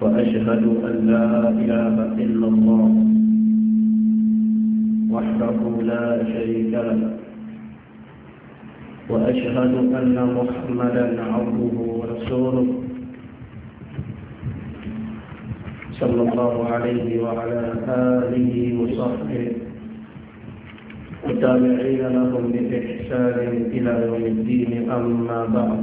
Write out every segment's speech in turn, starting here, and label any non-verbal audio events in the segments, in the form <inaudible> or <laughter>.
وأشهد أن لا إله إلا الله وحده لا شريك له وأشهد أن محمدا عبده ورسوله صلى الله عليه وعلى آله وصحبه والتابعين لهم بإحسان إلى يوم الدين أما بعد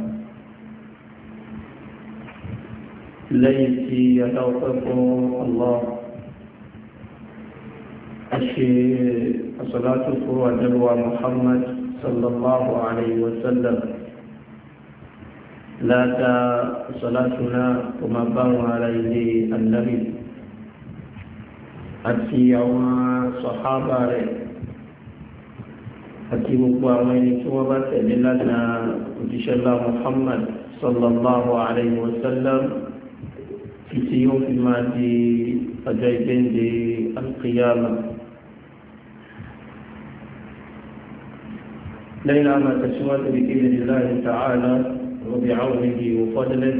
ليتي يتوقف الله أشي الصلاة الفروع جلوى محمد صلى الله عليه وسلم لا تا صلاتنا وما بان عليه النبي أتي يوم صحابة أتي مقوى من سوابة لنا إن شاء الله محمد صلى الله عليه وسلم في اليوم الماضي أجايبين القيامة ليلة ما تشوات بإذن الله تعالى وبعونه وفضله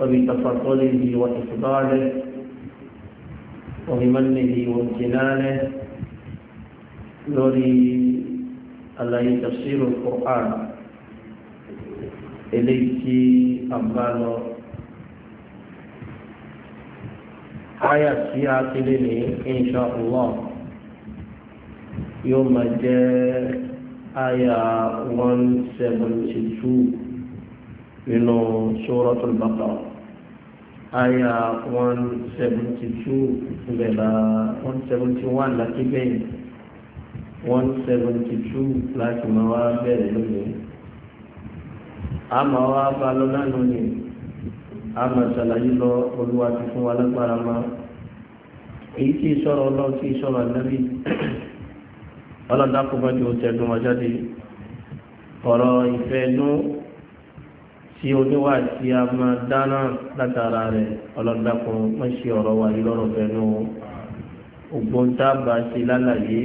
وبتفضله وإفضاله وبمنه وامتنانه نري الله تفسير القرآن إليك أبانه àyà tí a ti lé ní insha Allah yóò máa jẹ́ àyà one seventy two nínú Suratul Baqara àyà one seventy two ìbẹ̀là one seventy one láti bẹ́yìn one seventy two láti máa wá bẹ̀rẹ̀ lónìí. a máa wá bá lọ lánàá àmà ṣàlàyé lọ olúwa ti fún wa lágbára mọ́ èyí tí sọ̀rọ̀ ọlọ́run tí sọ̀rọ̀ ànábì ọlọ́dàkùnmọ́jú tẹ̀dùn wọn jáde ọ̀rọ̀ ìfẹ́ inú tí oníwà tí a máa dáná látara rẹ̀ ọlọ́dàkùn mọ́ sí ọ̀rọ̀ wa yìí lọ́rọ̀ fẹ́ inú ògbón tábà sí lálàyé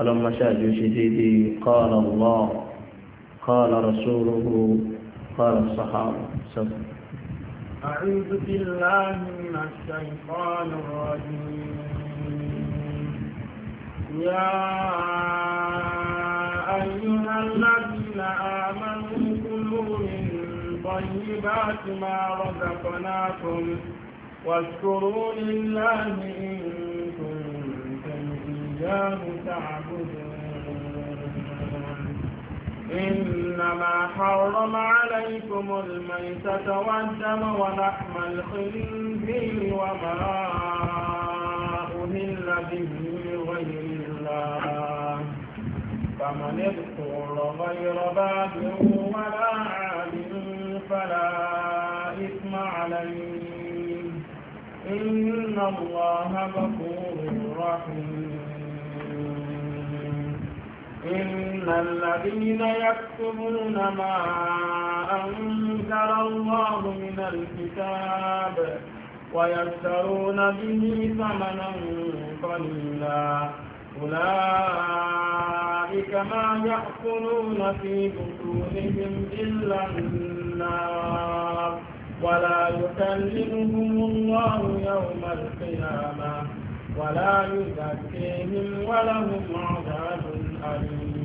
ọlọ́mọṣáájú ṣe déédéé qala Allah qala rasuluhu qala sahaba sọ́kùn. أعوذ بالله من الشيطان الرجيم يا أيها الذين آمنوا كلوا من طيبات ما رزقناكم واشكروا لله إن كنتم إياه تعبدون إنما حرم عليكم الميتة والدم ولحم الخنزير وما أهل به غير الله فمن اغتر غير باب ولا عاد فلا إثم عليه إن الله غفور رحيم إن الذين يكتبون ما أنزل الله من الكتاب ويشترون به ثمنا قليلا أولئك ما يأكلون في بطونهم إلا النار ولا يكلمهم الله يوم القيامة ولا يزكيهم ولهم عذاب أليم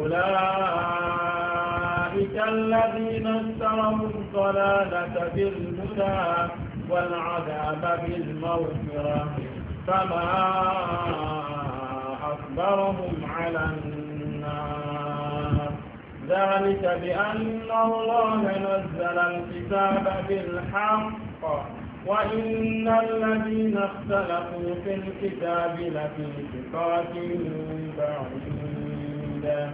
أولئك الذين اشتروا الضلالة بالهدى والعذاب بالمغفرة فما أكبرهم على النار ذلك بأن الله نزل الكتاب بالحق وإن الذين اختلفوا في الكتاب لفي شقاق بعيد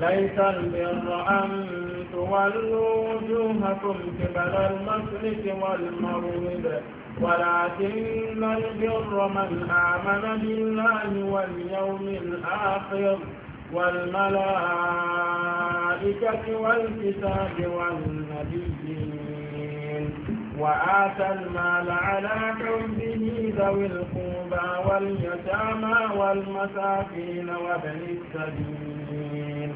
ليس البر أن تولوا وجوهكم قبل المشرق والمغرب ولكن البر من آمن بالله واليوم الآخر والملائكة والكتاب والنبيين وآتى المال على حبه ذوي القربى واليتامى والمساكين وابن السبيل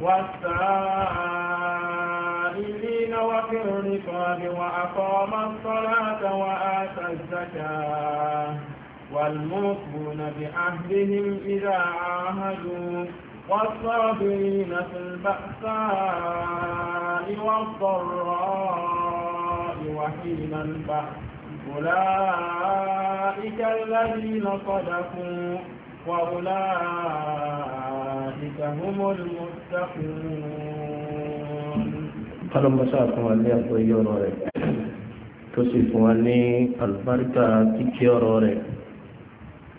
والسائلين وفي الرقاب وأقام الصلاة وآتى الزكاة والموفون بعهدهم إذا عاهدوا والصابرين في البأساء والضراء وحين البحر أولئك الذين صدقوا وأولئك هم المتقون قال مساكم الله طيور تصفوني البركة تكيور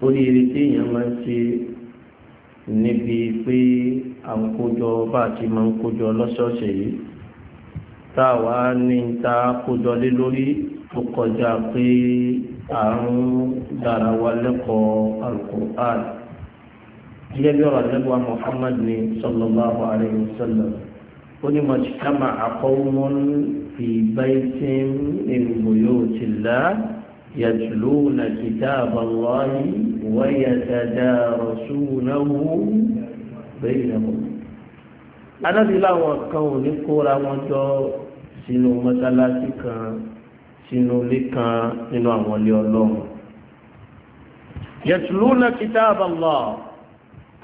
oríire tí èèyàn máa ń ṣe níbi pé à ń kójọ bá a ti máa ń kójọ lọ́sọ̀ọ̀sẹ̀ yìí tá a wá ní ta kójọ lé lórí tó kọjá pé àrùn dára wa lẹ́kọ̀ọ́ alukur'an gẹ́gẹ́ bí ọ̀rọ̀ àdébùwà Muhammad ní sallallahu alayhi wa sallam ó ní mọ̀tíkàmà àkọ́wọ́n fi baitin min buyutillah يتلون كتاب الله ويتدارسونه بينهم anábì láwọn kan ò ní kóra wọn jọ sínú mọ́sálásí kan sínú ilé kan nínú àwọn ilé ọlọ́run. yatluna kitab Allah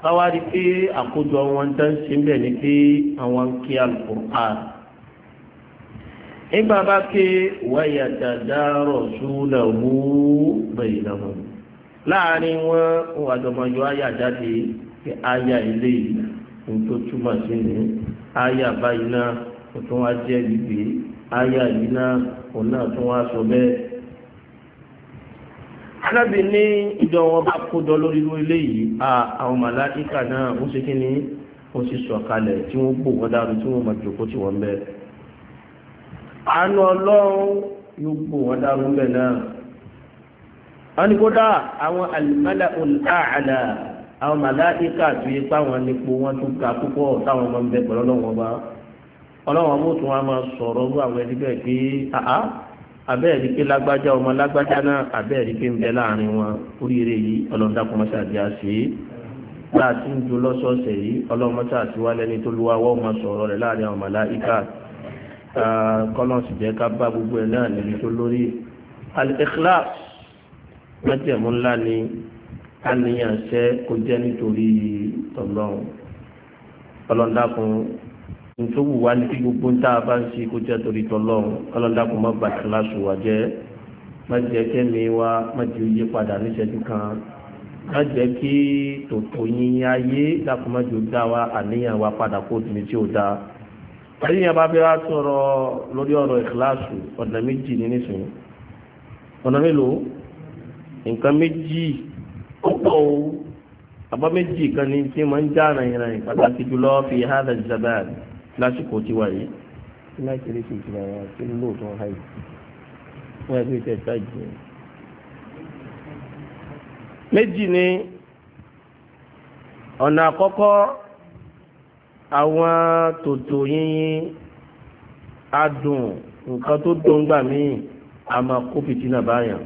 káwárí pé àkójọ wọn tán ṣe ń bẹ̀ ni pé àwọn ń kí al nígbà bá pé wáyà dàdárọ̀ súnà mú bẹ̀yìn náà láàrin wọn wà dọmọjọ àyà jáde pé àyà ilé yìí ní tó túmọ̀ sí ni àyà báyìí náà ó tún wá jẹ́ gbígbé aya yìí náà òun náà tún wá sọ bẹ́ẹ̀. alábì ní ìjọ wọn bá kójọ lórí irú eléyìí àwọn màláìkà náà ó ṣe kí ni ó sì sọ̀kalẹ̀ tí wọ́n gbò wọ́n dáadọ́ tí wọ́n máa jòkó tí wọ́n bẹ́ẹ̀. àánú ọlọ́run yóò gbò wọ́n dáadọ́ bẹ́ẹ̀ náà. wọ́n ní kódà àwọn àlùmọ́lá olùkàlà àwọn màláìkà tó yẹ pé àwọn nípò wọn tún ga púpọ̀ táwọn ọmọ ń bẹ pẹ̀lú ọlọ́run ọba ọlọ́run ọmọ òtún wa máa sọ̀rọ̀ ọgbọ́ àwọn ẹni bẹ́ẹ̀ pé àá abẹ́ẹ̀rí pé lágbájá ọmọ lágbájá náà abẹ́ẹ̀rí pé ń bẹ láàrin wọn oríire yìí ọlọ́run dákun mọ́ṣá àṣẹ bá a ti ń ju lọ́sọ̀ọ̀sẹ̀ yìí ọlọ́run mọ́ṣá àti wálé ní tó lúwa wọ́n máa sọ̀rọ̀ rẹ̀ láàrin àwọn màláìkà kọ́lọ́n sì jẹ́ ká bá gbogbo ẹ̀ náà níbi tó lórí al-ikhlas májẹ̀mú ńlá ni àníyàn ṣẹ́ kó jẹ́ nítorí ọlọ́run nítorí wà ní gbogbo tá a bá ń ṣe kó jẹ́ torí tọ́lọ́run ọlọ́dàkùn má gbàtà láṣù wà jẹ́ má jẹ́ kẹ́mi wá má jẹ́ oyé padà níṣẹ́jú kan má jẹ́ kí tòtò yín ayé dákun má jẹ́ dá wa àníyàn wa padà kó tìmí tí ò dá. àyè yẹn bá fẹ́ wá sọ̀rọ̀ lórí ọ̀rọ̀ ìkíláàsù ọ̀nà méjì ní nísìnyí ọ̀nà mélòó nǹkan méjì ó o àbá méjì kan ní tí wọ́n ń já àràyìn rẹ̀ pàtàkì jùlọ fi hádà lásìkò tí wà yìí. tí náà kéré sí ìtura wọn tí ń lò tó ń háyì wọn ẹgbẹ́ ìtẹ́ ìta ìjì. méjì ni ọ̀nà àkọ́kọ́ àwọn tòtò yínyín adùn nǹkan tó dùn gbà míì a máa kó fìtínà báyàn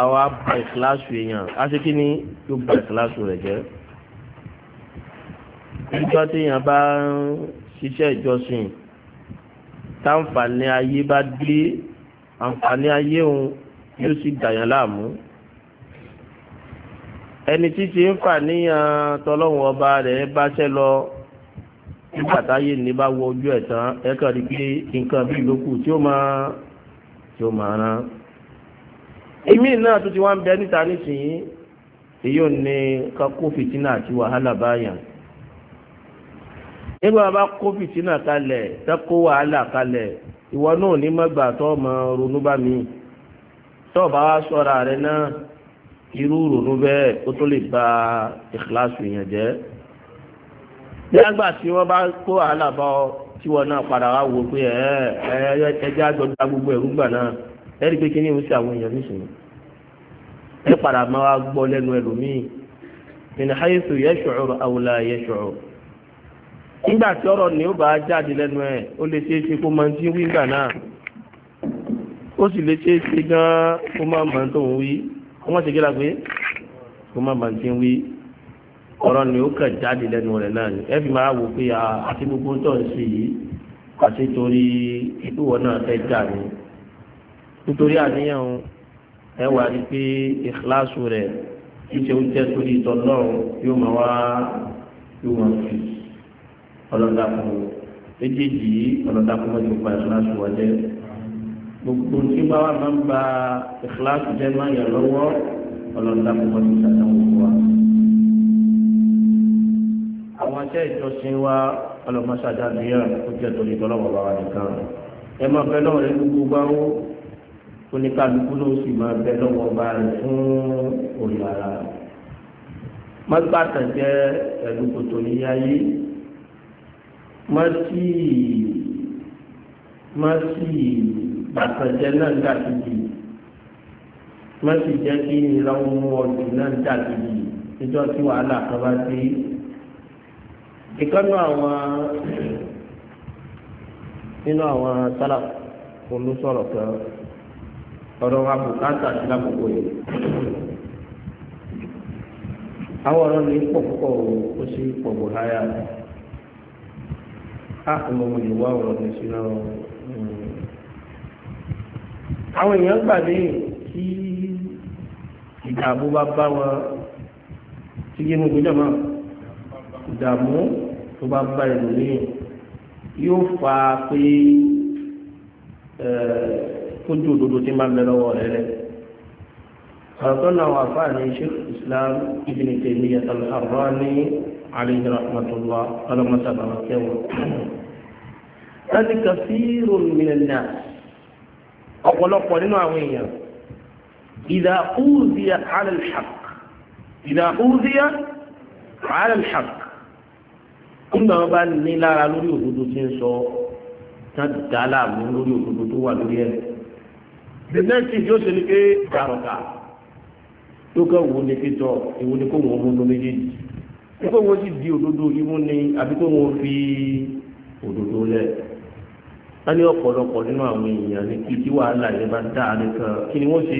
àwa bá ìkíláàsù èèyàn á ṣe kí ni yóò bá ìkíláàsù rẹ̀ jẹ́ nígbà tí èèyàn bá ń ṣiṣẹ́ ìjọsìn táǹfààní ayé bá dé àǹfààní ayé òun yóò sì dàyàn láàmú ẹni tí ti ń fà níyàn tọlọ́hun ọba rẹ̀ báṣẹ́ lọ nígbà táyé ní bá wọ ojú ẹ̀ tán ẹ kàn rí pé nǹkan bí ìlókù tí ó máa tí ó máa rán èmi náà tó ti wá ń bẹ níta nísìnyí èyí ò ní kakó fìtínà àti wàhálà báyàn nígbà bá kó fìtínà kalẹ̀ tẹ́kó wàhálà kalẹ̀ ìwọ náà ní mọ́gbà tó ọmọ ronú bá mi tó o bá wá sọ́ra rẹ náà irú ronú bẹ́ẹ̀ ó tó lè ba ìkíláàsì yẹn jẹ́ nígbà tí wọ́n bá kó wàhálà bá ọ tí wọ́n náà padà wá wo pé ẹ ẹ ẹjẹ́ àjọgbá gbogbo ẹ̀rú gbà náà ẹ rí i pé kí ni ìwé sí àwọn èèyàn nísìnyí ẹ padà máa gbọ́ lẹ́nu ẹlòmíì nígbà tí ọ̀rọ̀ ni ó bá jáde lẹ́nu ẹ̀ ó lè ṣeé ṣe kó máa ń tí wí gbà náà ó sì lè ṣeé ṣe gan-an kó máa máa tó ń wí wọ́n ti gíra pé kó máa máa tí ń wí ọ̀rọ̀ ni ó kàn jáde lẹ́nu rẹ̀ náà ni ẹ fi máa wò pé àti gbogbo tó ń ṣe yìí àti torí ìdúwọ̀ náà fẹ́ jà ní nítorí àníyàn ẹ wà ní pé ìkíláàsù rẹ̀ kí ṣe ó jẹ́ torí ìtọ́ náà yóò máa wá ọlọ́dàkùn méjèèjì yìí ọlọ́dàkùn mọ́tò pa ìṣúná-ṣù wọ́jẹ́ gbogbo tí bá wà máa ń ba ìkíláàsì jẹ́ máa yẹ lọ́wọ́ ọlọ́dàkùn mọ́tò ṣàtàwọn òkú wa. àwọn iṣẹ́ ìjọsìn wa ọlọ́mọṣáájá nìyà ó jẹ́ torí tọ́lọ́wọ́ bá wà nìkan ẹ máa fẹ́ lọ́wọ́ rẹ gbogbo bá wó oníkàlùkù ló sì máa bẹ lọ́wọ́ bá rẹ fún òrìàrà mọ́gbàtà jẹ́ ẹ̀lú kòtò níyáyé mọ́tì mọ́tì bàtànjẹ́ náà dàbí yìí mọ́tì jẹ́ kí ìlànà ọdún náà dàbí yìí níjọ́ tí wàhálà kan bá dé. ìkànnì àwọn nínú àwọn sálà olùsọ̀rọ̀ kan ọ̀rọ̀ wa sí lákòókò yìí àwọn àkùnmọ̀mọ̀ ah, ìwà ọ̀rọ̀ ní ṣúná hmm. àwọn èèyàn gbà ní kí ìdààmú bá bá wọn tí gínú gbọ́jọ́ máa ìdààmú tó bá bá ìlú lẹ́yìn yóò fa pé eh, kójú òdodo tí máa ń bẹ lọ́wọ́ rẹ̀ rẹ̀ ọ̀rọ̀ tó náà wà fáà ní Sheikh Islam Ibn Taymiyyah al-Harrani ní alayhi rahmatullah ọlọ́mọta bàbá kẹwọ́ láti kàfíìrò mìíràn ọ̀pọ̀lọpọ̀ nínú àwọn èèyàn ìdá úzíyà alẹ́lẹ́hàk ìdá úzíyà alẹ́lẹ́hàk nígbà wọn bá ní lára lórí òdodo tí ń sọ tán dá láàmú lórí òdodo tó wà lórí ẹ̀ bẹ́ẹ̀ tí yóò ṣe ni pé dàrọ̀kà tó kẹ́ wo ni pé tọ́ ìwo ni kó wọ́n mú lórí méjèèjì nígbà wọn sì di òdodo yìí mú ni àbí tó wọn fi òdodo lẹ̀ láti ọ̀pọ̀lọpọ̀ nínú àwọn èèyàn ní kí tí wàhálà yẹn bá dá àárín kan kí ni wọ́n ṣe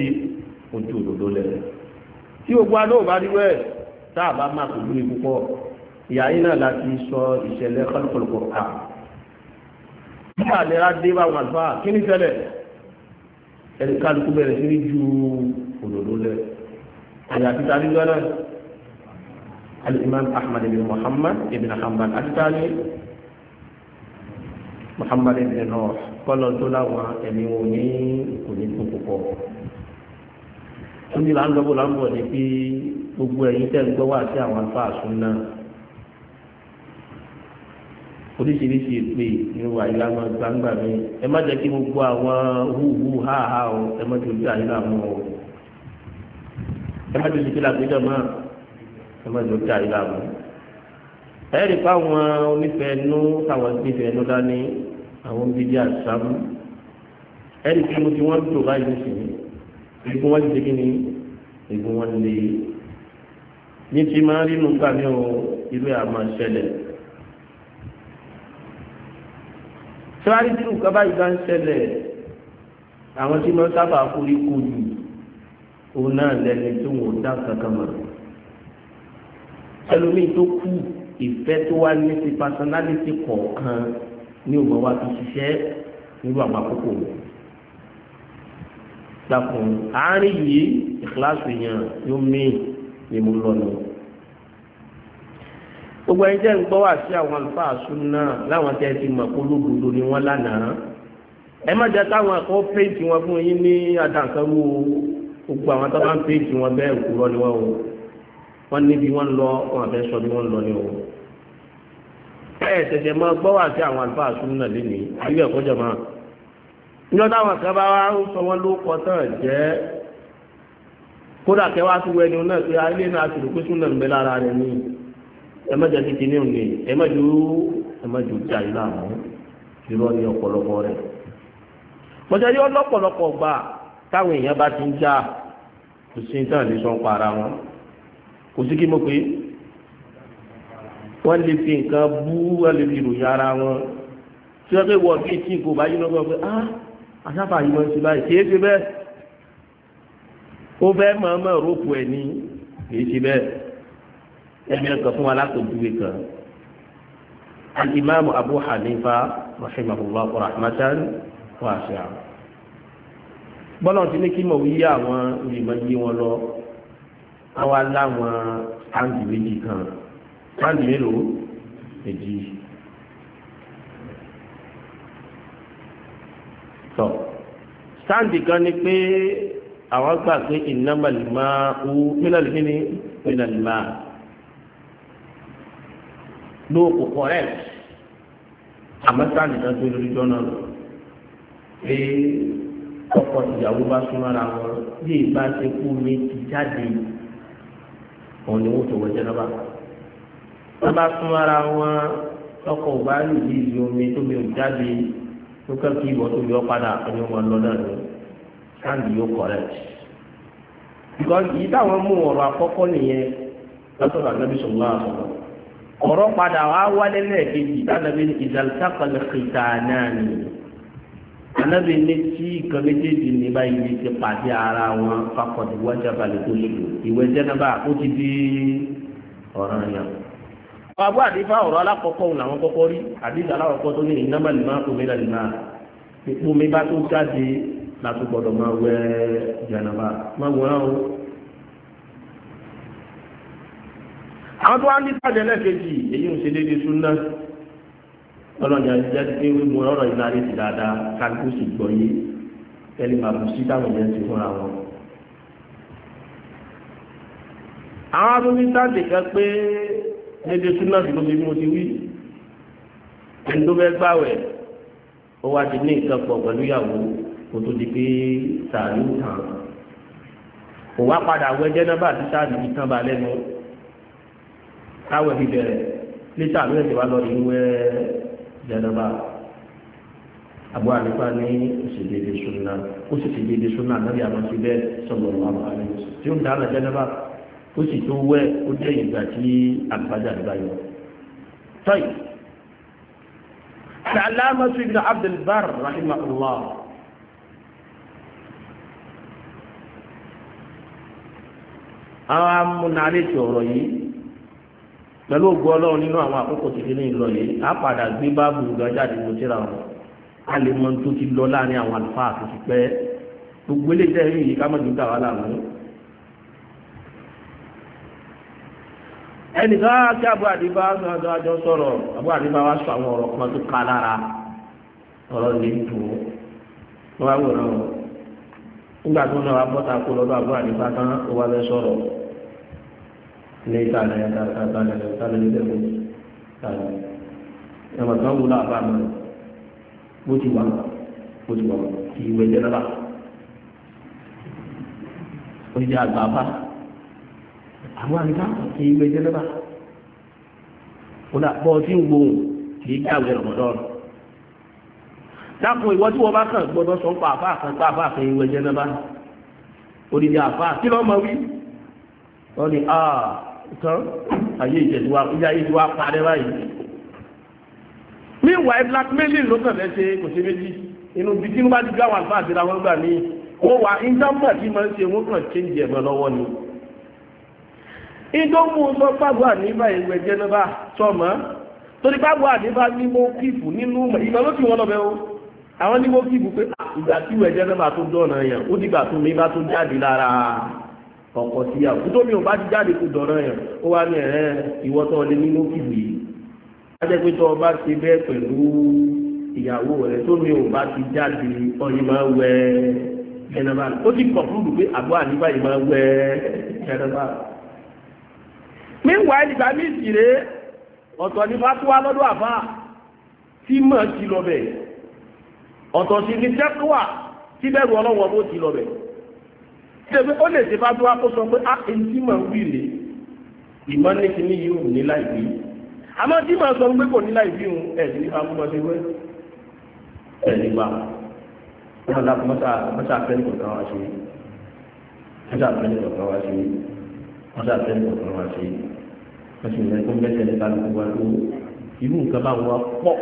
ojú òdodo lẹ̀ tí gbogbo àná ò bá rí wẹ́ẹ̀ tá a bá máa pẹ̀lú ikú pọ̀ ìyá yìí náà láti sọ ìṣẹ̀lẹ̀ kọ́lùkọ́lùkọ́ ká nígbà lera dé báwọn àlùfáà kí ni ṣẹlẹ̀ ẹnì kálukú bẹ̀rẹ̀ sí ní ju òdodo lẹ̀ àyàfi ta nígbà náà الإمام أحمد بن محمد بن حنبل الثاني Muhammad ibn Nuh kọlọ tó láwọn ẹ̀mí wo ní òní tó púpọ̀ tóbi láńdọ́bù láńbọ̀ ni pé gbogbo ẹ̀yin tẹ́ ń gbọ́ wá sí àwọn afá àsúná oríṣiríṣi èpè ní wà yìí láwọn gbangba mi ẹ má jẹ́ kí mo gbọ́ àwọn húhú háhá o ẹ má jẹ́ ojú àyíká mọ́ o ẹ má jẹ́ ojú kí làgbéjọ́ máa ẹ má jọ dá ìlà mọ́. ẹ̀rí fáwọn onífẹ̀ẹ́ nú táwọn gbẹ̀fẹ̀ẹ́ nú dání àwọn bíbí àṣàmù ẹ̀rí tí mo ti wọ́n tó báyìí nísìnyí igun wọn ti kí ni igun wọn lè ní ti máa rí nù gbà mí o irú ẹ̀ máa ṣẹlẹ̀. sọ́wárí tí nǹkan báyìí bá ń ṣẹlẹ̀ àwọn tí wọ́n sábà kú ikú yìí òun náà lẹ́ni tí wọ́n dá kankan mọ̀ ẹlòmíì tó kú ìfẹ́ tó wá ní ti personality kọ̀ọ̀kan ní òmò wa fi ṣiṣẹ́ nínú àwọn àkókò rẹ̀ dàkùn àárín yìí ìkíláàsì yẹn yóò mí ni mo lọ lọ gbogbo ẹni jẹ́ ń gbọ́ wá sí àwọn àlùfáà súnà láwọn tẹ́ ti mọ̀ kó lóbodò ni wọ́n lánàá ẹ má jẹ́ táwọn ẹ̀kọ́ péǹtì wọn fún yín ní adàǹkanrú gbogbo àwọn tó bá ń péǹtì wọn bẹ́ẹ̀ kúrọ́ ni wọ́n o wọ́n níbi wọ́n lọ wọn àfẹ́ sọ bí wọ́n lọ ní o. ẹ ṣẹ̀ṣẹ̀ máa gbọ́ wà sí àwọn àlùfáà súnmọ́ lẹ́nu àbí ẹ̀kọ́ jẹ̀ máa. níjọ́ táwọn kan bá wá ń sọ wọ́n ló kọ tán jẹ́ kódà kẹwàá tó wẹni náà pé ilé náà ti rò pé súnmọ́ ń bẹ lára rẹ̀ ní ẹ̀mẹ́jọ ti ti ní òní ẹ̀mẹ́jọ ẹ̀mẹ́jọ jà ìlà àwọn irọ́ ní ọ̀pọ̀lọpọ̀ rẹ̀. mọ̀jẹ̀ yọ lọ́pọ̀lọpọ̀ gbà táwọn èèyàn bá ti ń já kò sí ní tàn lè sọ ara wọn kò sí kí mo pé wọ́n lè fi nǹkan bú wọ́n lè fi ròyìn ara wọn tí wọ́n pé wọ́n fi tí kò bá yí lọ́gbọ́n pé ah àṣàfà yìí wọ́n ti báyìí kì í ṣe bẹ́ẹ̀ ó fẹ́ mọ̀ọ́mọ̀ rópò ẹ̀ ní kì ṣe bẹ́ẹ̀ ẹ̀mí ẹ̀kan fún wa látòjúwe kan alimami abu hanifa rahimahullah rahmatan wa ṣe àwọn bọ́lá ti ní kí mọ̀ wíyá àwọn olùmọ̀ yí wọn lọ wọ́n wá láwọn táǹkì méjì kan táǹkì mélòó èjì. tọ́ táǹkì kan ni pé àwọn gbà pé ìnámàlìmá ó mílíọ̀nù kí ni mílíọ̀nù máa ló kò correct àmọ́ sáàlì náà tó lórí jọ́nà lọ pé ọkọ ìyàwó bá súnmọ́ ara wọn bí ìbá ṣe kú mi ti jáde yìí òun ni wọ́n tó wọ jẹ́nàbà wọ́n bá sún ara wọn lọ́kọ̀ ò bá lù bí ìlú omi tó mi ò jáde tó kẹ́ kí ìwọ́n tó yọ padà ẹni wọn lọ náà ni sáǹdì yóò correct. because yìí táwọn mú ọ̀rọ̀ àkọ́kọ́ nìyẹn látọ̀dọ̀ àgbẹ̀bí sọ̀rọ̀ àṣọ̀rọ̀ ọ̀rọ̀ padà wá wálé lẹ́ẹ̀kejì tánàbí ìdàlùsákọ̀lẹ̀ kìtà náà nìyẹn anabi ní tí nǹkan méjèèjì ní báyìí ní ti pàdé ara wọn fakọ̀dé wájà balẹ̀ tó lò ìwẹ̀ jẹ́nàbà ó ti di Adi yẹn. àbú àdífà ọ̀rọ̀ alákọ̀ọ́kọ́ làwọn kọ́kọ́ rí àdíjà alákọ̀ọ́kọ́ tó ní ìnáma lè lima. kómi lálẹ́ náà ìpomi bá tó jáde láti gbọ́dọ̀ máa wẹ̀ jẹ́nàbà máa wọ̀ náà o. àwọn tó wá ní ìpàdé lẹ́ẹ̀kejì èyí ń ṣe déédéé ọlọ́jà jẹ́ pé mo rọ̀rọ̀ ìlà rẹ̀ ti dáadáa kálukú sì gbọ́ yé ẹni màá bù sí táwọn èèyàn ti fúnra wọn. àwọn abúlítàdì kan pé dédé súnà tí mo ti mú ti wí ẹni tó fẹ́ gbàwẹ̀ ó wá ti ní nǹkan pọ̀ pẹ̀lú ìyàwó kó tó di pé sàárì ń tàn kò wá padà wẹ jẹ́nẹ́bà tí sáàdì yìí tán ba lẹ́nu káwẹ̀ fi bẹ̀rẹ̀ lítà lóyè tí wàá lọ ìwẹ́ jẹ́dọ́bà Abu Hanifa ni òṣèlédè súnà ó sì ti dédé súnà lórí àwọn ti bẹ́ẹ̀ sọ̀rọ̀ àwọn àlẹ́ tí ó ń dáná jẹ́dọ́bà ó sì tó wẹ́ ó jẹ́ ìgbà tí àgbájá àgbá yọ. tọ́yì Al-Allama Ibn Abdul Barr rahimahullah àwọn amúnalẹ́tì ọ̀rọ̀ yìí pẹ̀lú ògbó ọlọ́run nínú àwọn àkókò tìbí ní ìlọ yìí á padà gbé báàbù gan jáde mo wọn a lè mọ tó ti lọ láàrin àwọn àlùfáà tó ti pẹ́ gbogbo eléyìí tẹ́lẹ̀ yìí ká mọ̀jú gbà wá láàmú. ẹnì kan kí abu adiba adiba wa sọ àwọn ọrọ kan tó ká lára lè dùn o nígbà tó adiba tán ó ilé ìtàlẹ̀ ìtàlẹ̀ ìtàlẹ̀ ìtẹ̀kùn ìtàlẹ̀ ẹ̀mọ̀tán wò láàbá mi bó ti wà bó ti wà kì í wẹ̀ jẹ́nẹ́bà ó ti jẹ́ àgbà bá àwọn àríkà kì í wẹ̀ jẹ́nẹ́bà ó dà bọ́ tí ń gbóhùn kì í jáwé rọ̀mọ́dọ́rù dákun ìwọ tí wọ́n bá kàn kan pa àfáà kan ìwẹ̀ jẹ́nẹ́bà ó di àfáà kí lọ́ọ́ mọ wí wọ́n tán ayé ìjẹ̀dùwà ilé ayé ìjẹ̀dùwà parẹ́ báyìí meanwhile blackmailing ló tẹ̀lé ṣe kò ṣe méjì inú bí tí wọ́n bá ti gbá wà fún àtìlá wọn gbà ní ó wà ìjọba tí máa ń ṣe wọ́n kàn ṣe ń jẹ ẹ̀mọ́ lọ́wọ́ ni. ìdómù sọ pàgọ́ àníbà ìwẹ̀ jẹnubà sọmọ́ torí pàgọ́ àníbà ní mo kíìpù nínú ìmọ̀ ló ti wọn lọ bẹ́ o àwọn ní mo kíìpù pé ah, ìgbà tí ìwẹ̀ jẹnubà tó dọ̀nà yẹn ó dìgbà tó mi bá tó jáde lára ọkọ síyàwó tó mi ò bá ti jáde kó dọ̀rọ̀ yẹn ó wá ní ẹ̀rẹ́ ìwọ́tọ̀ lé nínú kìlì yìí ajẹ́ pé tó o bá ti bẹ́ẹ̀ pẹ̀lú ìyàwó rẹ̀ tó mi ò bá ti jáde ọyìn máa wẹ ẹnabà ó ti kọ̀ fún mi pé àbọ̀ àníbá yìí máa wẹ ẹnabà. meanwhile ìgbà mi sì rè ọ̀tọ̀ ní fatuwa lọ́dọ̀ àbá tí mọ̀ ti lọ bẹ̀ ọ̀tọ̀ sì ní tẹ́kọ̀wà tí bẹ́ẹ̀ tẹ̀wé ó lè ṣe fàdúrà kó sọ pé ah èyí tí màá wí lè ìmọ̀ ní kíní yìí ò ní láì bí àmọ́ tí màá sọ pé kò ní láì bí òun ẹ̀ ní bá gbọ́dọ̀ ṣe wẹ́ ẹ̀ ní bá wọn dà kó mọ́tà fẹ́ nìkan wá sí mọ́tà fẹ́ nìkan wá sí mọ́tà fẹ́ nìkan wá sí wọ́n sì lẹ́kọ́ mẹ́tẹ̀ nípa gbogbo wa lówó irú nǹkan bá wọn pọ̀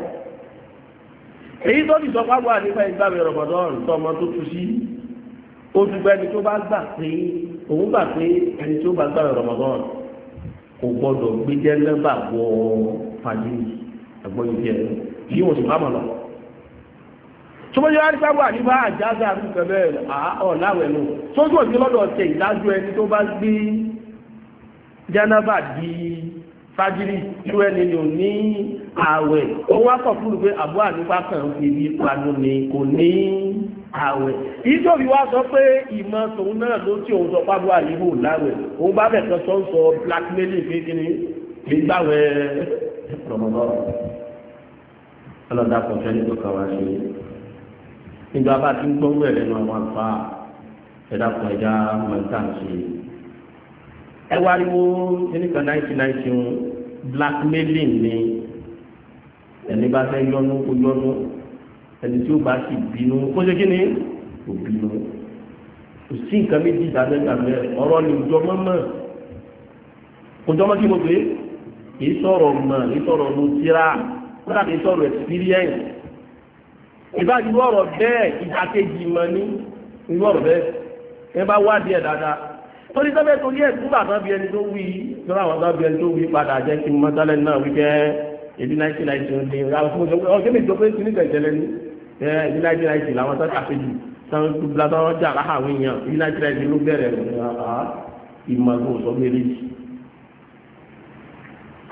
èyí tó ti sọ fáwọn àníkà ìgbà mi ó dúpẹ́ ẹni tó bá gbà pé òun gbà pé ẹni tó bá gbà Ramadan kò gbọdọ̀ gbé jẹ́ lẹ́bà wọ fàdíì ẹ̀gbọ́n yìí jẹ́ yìí wọ́n sì bá mọ̀ lọ. sọmọdé wa nípa wà nípa àjáde àdúgbò bẹ́ẹ̀ ọ̀ láwẹ̀ nù sójú òsì lọ́dọ̀ tẹ ìdájọ́ ẹni tó bá gbé jẹ́nàbà di fàdíì irú ẹni lò ní àwẹ̀ ó wá kọ̀ fún mi pé àbúrò àdúgbò kan fi bí panu ni kò ní àwẹ̀ ìjọbi wa sọ pé ìmọ̀ tòun náà ló tí òun sọ pábọ àyíwò láwẹ̀ òun bá bẹ̀ẹ̀ sọ sọ blackmailing kékeré gbígbàwẹ̀ rọmọdọ́rọ̀ ọlọ́dà kọ̀ọ̀fẹ́ ní kọ̀ọ̀kan wá sí nígbà bá ti ń gbọ́ wẹ̀ lẹ́nu àwọn àgbà ẹ̀dá kan ẹ̀dá mọ̀ọ́tà ń ṣe ẹ wá rí wo ẹnìkan 1991 blackmailing ni ẹni bá fẹ́ yọnu kó yọnu ẹni tí ó bá sì bínú kó ṣe kí ni kò bínú kò sí nǹkan méjì ìdádẹ́gbàmẹ́ ọ̀rọ̀ ni òjò mọ́mọ́ òjò mọ́ kí mo pé é í sọ̀rọ̀ mọ̀ kì í sọ̀rọ̀ mo tíra kódà kì í sọ̀rọ̀ experience ìbájú ọ̀rọ̀ bẹ́ẹ̀ ìdákejì mọ́ ní irú ọ̀rọ̀ bẹ́ẹ̀ ẹ bá wádìí ẹ̀ dáadáa torí sọ́bẹ̀ torí ẹ̀ tó bàbá bí ẹni tó wí lọ́rọ̀ àwọn bàbá bí ẹni tó wí padà jẹ́ kí n mọ́ tálẹ́ náà wí jẹ́ èdè 1990 ọ̀gbẹ́ni ìjọba ìsinmi tẹ̀tẹ̀lẹ́ ni ẹ united rights làwọn tó tàfé jù táwọn tó bila táwọn jà láhà àwọn èèyàn united rights ló bẹ̀rẹ̀ rẹ̀ ìmọ̀ tó sọ bẹ̀rẹ̀ jù.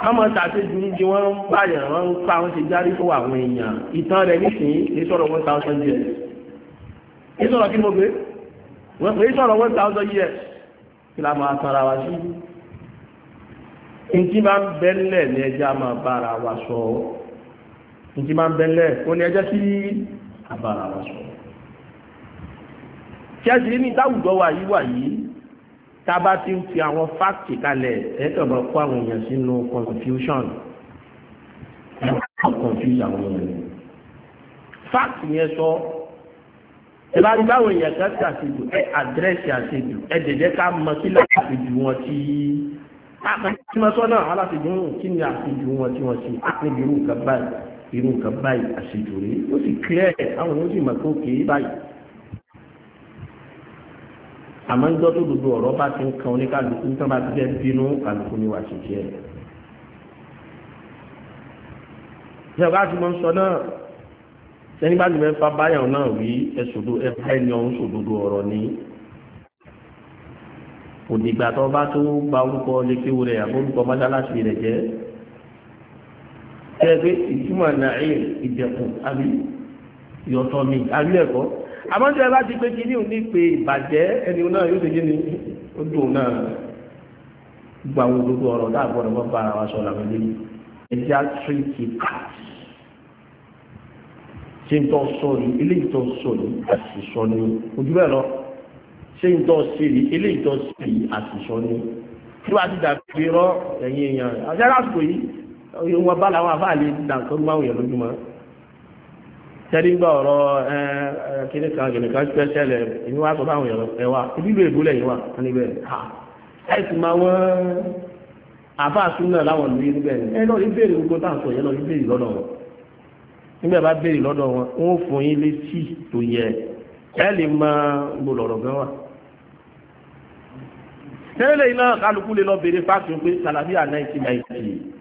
àwọn tàfé jù ní wọ́n ń báyàn wọ́n ń pa wọ́n ti járí fún àwọn èèyàn ìtàn rẹ̀ nísìnyí kì í sọ̀rọ̀ one thousand years kì í sọ̀rọ̀ kí mo gbé wọ́n kì í sọ̀rọ̀ one thousand years kí la máa tara wa sí njí máa ń bẹ́ńlẹ̀ ní ẹja máa bára wa sọ njí máa ń bẹ́ńlẹ̀ ó abára wọn sọ tí a ṣe ní táwùjọ wa yìí wà yìí tá a bá ti ń fi àwọn fáàkì kalẹ̀ ẹ̀ẹ́dọ̀ máa kó àwọn èèyàn sínú confusion ẹ̀ẹ́dọ̀ confuse àwọn èèyàn fáàkì yẹn sọ ẹ bá rí báwọn èèyàn kan ti àṣejù ẹ àdírẹ́sì àṣejù ẹ dẹ̀dẹ̀ ká mọ sí láàṣejù wọn tí àpẹẹrẹ tí náà aláṣejù kí ni àṣejù wọn tí wọn ṣe àpẹẹrẹ irú nǹkan báyìí irú nǹkan báyìí àṣejù rí ó sì clear àwọn èèyàn sì mọ̀ pé ó kéé báyìí àmọ́ ń gbọ́ tó dodo ọ̀rọ̀ bá ti ń kan oníkàlùkù tó bá ti jẹ́ bínú kàlùkù ni wà á ṣe jẹ́ ìjọba àti mọ̀ ń sọ náà sẹ́ni bá ti mẹ́ fa báyàn náà wí ẹ̀sùdó ẹ̀fà ẹni ọ̀hún sòdodo ọ̀rọ̀ ni òdìgbà tó bá tó gba orúkọ lékewò rẹ̀ àbórúkọ mọ́sálásí tẹ́gbẹ́ ìtumọ̀ nàíyè ìdẹ̀kùn àbí ìyọ̀tọ̀ mi àbí ẹ̀kọ́ àmọ́jọ́ bá ti pé kí ní òní pé ìbàjẹ́ ẹni náà yóò tẹ́jẹ́ ní odò náà gba àwọn ológun ọ̀rọ̀ dáàbọ̀rọ̀ mọ́ bá ara wa sọ làwọn ilé ẹja tírìkì káàtì ṣé ń tọ́ sọ ní ilé ìtọ́ sọ ní àṣìṣọ ní ojú bẹ́ẹ̀ lọ ṣé ń tọ́ sí ní ilé ìtọ́ sí àṣìṣọ ní tí wàá ti dàbí rọ ẹ̀yìn èèyàn àti wọn bá làwọn afá lè dàǹkó ń báwọn yẹn lójúmọ́ tẹ́lígbà ọ̀rọ̀ kíní kan gẹ̀mí kan pẹ́ sẹ́lẹ̀ ìní wàá sọ báwọn yẹn ẹ wa ibi ìlú èbúlẹ̀ yìí wà wọn níbẹ̀ ẹ sì máa wọ́n afá súnà láwọn ìlú yìí níbẹ̀ ẹ lọ́ọ́ ìbéèrè gbogbo tá à ń sọ yẹn lọ́ọ́ ìbéèrè lọ́dọ̀ wọn nígbà bá béèrè lọ́dọ̀ wọn wọn fún yín létí tó yẹ ẹ lè máa gbọ́dọ̀ gan wa tẹ́lẹ̀ iná kálukú lè lọ béèrè fáàkì pé sàlàbíà 1990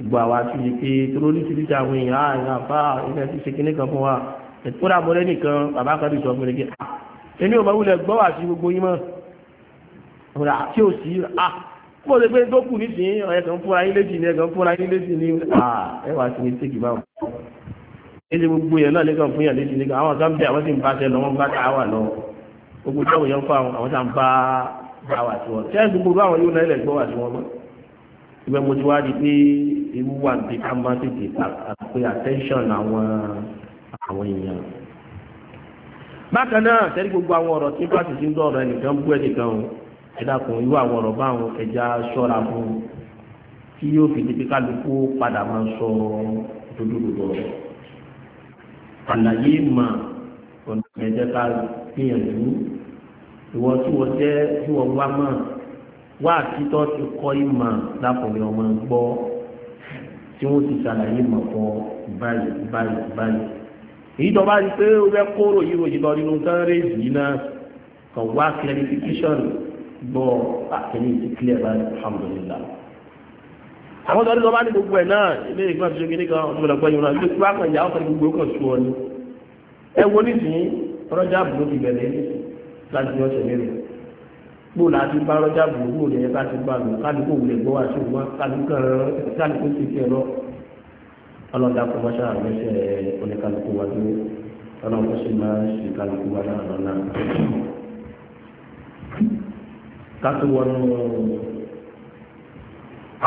gbogbo àwa ti yí pé tóró ní ti díjà àwọn èèyàn àìyàn ah, àfá ilẹ̀ ti ṣe kíní kan fún wa ẹ̀kọ́ dà mọ́lẹ́ nìkan bàbá kan ti sọ fún mi pé ẹni ah, ò bá wulẹ̀ gbọ́ wà sí gbogbo yín mọ́ ọ̀rọ̀ àti òsì à mo lè gbé ah, tó kù nísìnyí ọ̀yẹ́ kan fúnra yín léjì ni ẹ̀kan fúnra yín léjì ni ẹ wà sí ní tèkì báwọn. ẹsẹ̀ gbogbo yẹn náà lẹ́kàn fún yàn léjì nìkan àwọn kan bẹ àwọn sì ń bá tẹ lọ wọn bá tà wà lọ gbogbo ibẹ̀ mo ti wá di pé ewu wà bí ká má attention àwọn àwọn èèyàn. bákan náà sẹ́ni gbogbo àwọn ọ̀rọ̀ tí pàṣẹ ti ń dọ̀rọ̀ ẹnìkan bú ẹnìkan o ẹ dákun irú àwọn ọ̀rọ̀ báwọn ẹja ṣọ́ra fún tí yóò fi di pé kálukú padà máa sọ dúdúdúdú àlàyé mà ọ̀nà ẹ̀jẹ̀ ká gbìyànjú ìwọ tí wọ́n jẹ́ tí wọ́n wá mọ́ wá àtítọ́ ti kọ́ ìmọ̀ lápọ̀lẹ̀ ọmọ gbọ́ tí wọ́n ti ṣàlàyé ìmọ̀ fún báyìí báyìí báyìí. èyí tó bá rí pé o fẹ́ kóró yìí ròyìn lọ nínú sáré yìí náà kàn wá clarification gbọ́ àkẹ́yìn ah, ti clear báyìí alhamdulillah. àwọn tó rí lọ bá ní gbogbo ẹ̀ náà ilé ìgbà tó ṣe kí nìkan ọdún ìgbà yìí náà ló bá kàn yà ó kàn gbogbo kan sùn ọ ni. ẹ wo nísìnyí rọ́jà àbúrò ti bẹ̀rẹ̀ láti ọ̀sẹ̀ mélòó gbó láti bá rọ́jà gbòógbò rẹ̀ bá ti gbà lò kálukú wulẹ̀ gbọ́ àti òwúwa kálukú ti fi ẹ̀rọ ọlọ́dà kó má ṣáà lẹ́sẹ̀ oníkálukú wa dúró ọlọ́run kó sì máa ṣe kálukú wa náà lọ́la. kátó wọnú